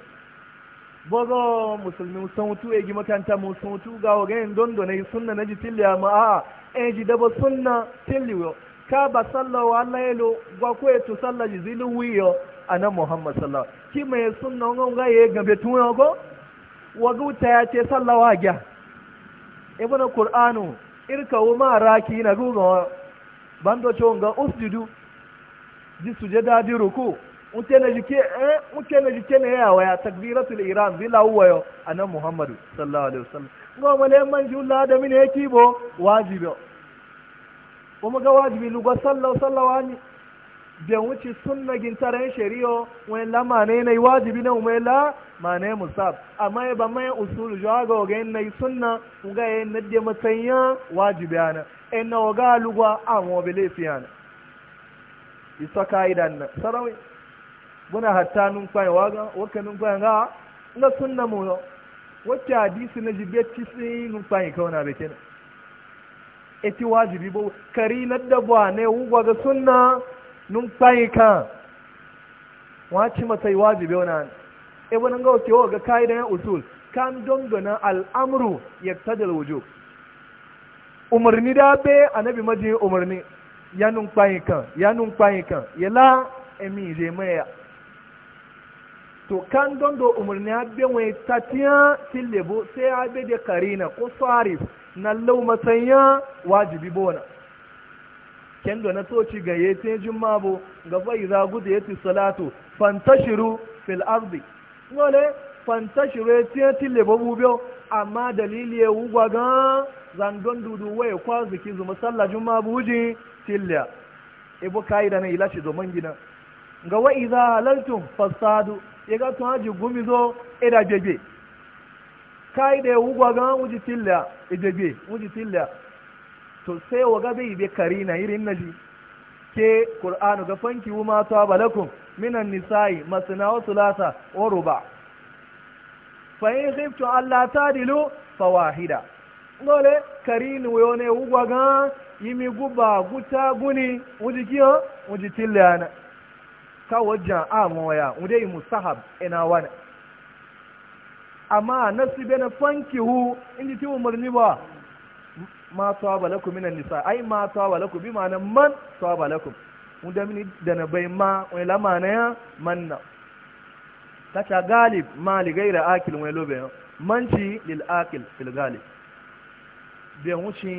bogo musulmi sun wutu e gi makanta mu sun wutu ga ogen dondo ne sunna na ji tille amma a'a e ji dabo sunna tille yo ka ba sallawa Allah yelo gwa ko to sallaji zilu wiyo anan muhammad sallallahu ki mai sunna ngon ga ye gabe tuna go wagu ta ya ce sallawa ga ibn qur'anu irka ma raki na gugo bando chonga usjudu ji sujada di ruku na jike eh na jike ne ya waya takbiratul iran bila yo anan muhammad sallallahu alaihi wasallam ngo male man julla da mine kibo wajibi kuma ga wajibi lugo sallallahu sallallahu alaihi da wuce sunna gintaren shari'o wani lama ne na yi wajibi na umar la ma mane musab amma ya ba mai usulu jawa ga waga yin na yi sunna ga yi na da matsayin wajibi ana in na waga lugwa a wabe laifi ana yi dan na sarawi buna hatta numfayin waga waka numfayin ga na sunna mu yau wacce hadisi na jibe ci sun yi numfayin kauna da kenan eti wajibi ba kari na dabwa ne wugwa ga sunna nun kpayi kan wa ci mata yi wajibi wani e wani ga okewa ga ka'idan yan usul kan dangana al'amuru ya da wujub umarni da be nabi maji umarni ya nun kpayi kan ya nun kpayi kan e ya la emi je maya to kan dangana umarni ya be wani tatiya tillebo sai ya be da karina ko sarif na lau matsayin wajibi bona kendo na soci ga yetin jumma bo ga fa iza gudu yati salatu fantashiru fil ardi wale fantashiru yetin tille babu biyo amma dalili ya wugwa ga zandon dudu waye kwa ziki zuma sallah jumma buji tilla bo kai da na ilashi domin gina ga wa iza halaltum fasadu ya ga tun haji gumi zo ida jebe kai da ya wugwa ga wuji tilla ijebe wuji tilla to sai wa waga bai be karina irin naji ke qur'anu ga fanki wuma ta balakum minan nisa'i masna wa thulatha wa ruba fa in khiftu alla tadilu fawahida ngole karinu yone ga imi guba guta guni ujikiyo ujitillana ka wajen amoya udai musahab ina wani amma nasibe na fankihu inji ti umarni ba ma saba lakum minan nisa ai ma saba lakum bi ma'anan man saba lakum mun da mini da na bai ma wani lamana ya manna ta ta galib ma li gaira akil wani lobe manci lil akil fil galib bai wuce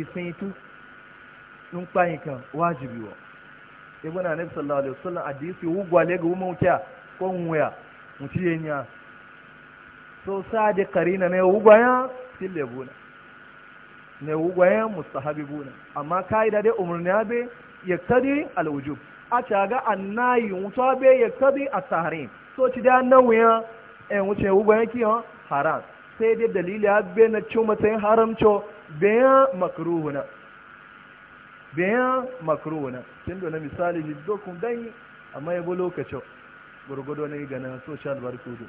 isin tu nun kpayin kan wajibi wa ibn anabi sallallahu alaihi wasallam hadisi wu gwale ga wuman wuta ko wuya mutiye nya so sa de karina ne wu gwaya sille buna ne mustahabi mustahabibuna amma kaida dai umurni abe kadi alwujub a ga annayi mutu abe kadi a tahrim so ci da nan wuya en eh, wuce wayan kiyo haram sai dai dalili abe na ci sai haramco bayan makruhuna bayan makruhuna tun do na misali jidokun dai amma yabo lokacin gurgudo ne ga na social barkudu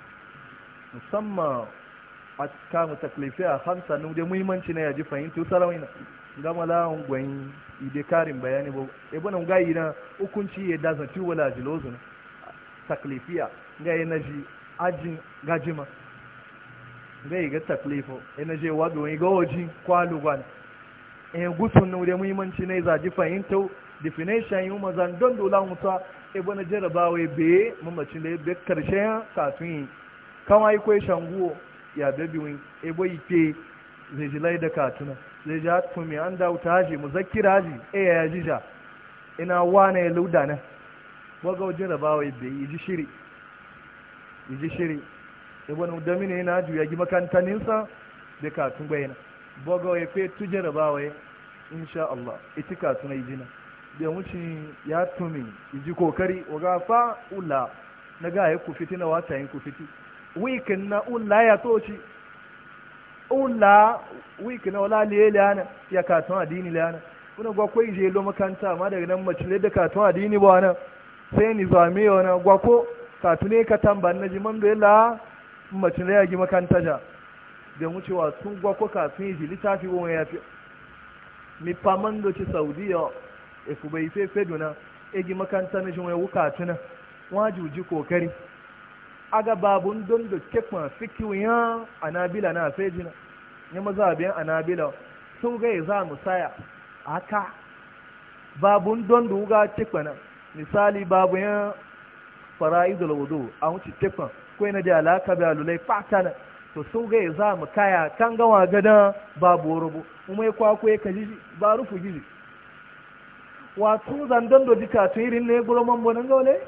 musamman taklifi a hamsa nu da muhimmanci na yaji fahimtu na gama lawon gwayin ide karin bayani ba na gayi na hukunci ya da zati wala jilozu taklifiya na ji ajin gajima ga ga taklifo je wado ga waji kwalu gwan eh gutu nu da muhimmanci na zaji fahimtu definition yi mazan don dola musa na jarabawa be mamacin da ya be karshen kafin kawai yi kwai shanguwo ya bebi wani ebo ike zai ji lai da katuna zai ji hatu mai an da wuta haji mu zaki haji e ya ji ja ina wane ya lauda na waga wajen rabawa ya bai yi ji shiri ya ji shiri ebo na udami ne na juya gi makanta ninsa da katun bayana waga ya fe tujen rabawa ya insha Allah iti katuna yi jina da wuce ya tumi ya ji kokari waga fa ula na ga ya kufiti na wata yin ku fiti wikin na ula ya toci ula wikin na wala liye liyana ya katon adini liyana kuna gwa kwai je lo makanta ma daga nan mace da katon adini ba na sai ni zame yau na gwa ko katune ka tamban na ji da yalla mace da ya gi makanta ja da mu cewa sun gwa ko katun yi litafi wani ya fi mi faman do ci saudiya e ku bai fefe duna e gi makanta na jiman ya wuka tuna wajuji kokari aga babun don da ke kuma fikiyoyin anabila na sai a biyan mazabiyan anabila sun ga za mu saya aka babun don da wuga tekwana misali babu yan fara'idul wudu a wuce tekwan ko yana da alaka da lulai fata na to sun ga za mu kaya kan gawa gada babu rubu kuma ya kwakwai ka ji, ba rufu gizi wato zandon da tun irin ne mambo nan gaule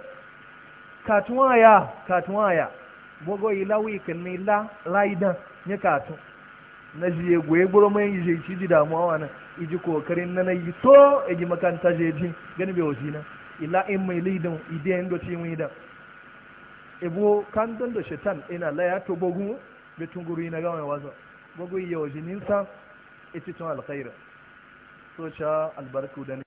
katun waya katun waya bogo ila wikin ni la raidan ya katun na jiye goye goro mai yi shi ji damuwa wani iji kokarin na na yi to ya ji makanta zai ji gani bai wasi na ila in mai lidin idiyan da ci mai dan ibo kan don da shetan ina la ya to bogu bitun tunguru na gama wazo bogo yi yau jininsa ita tun alkhaira so cha albarku da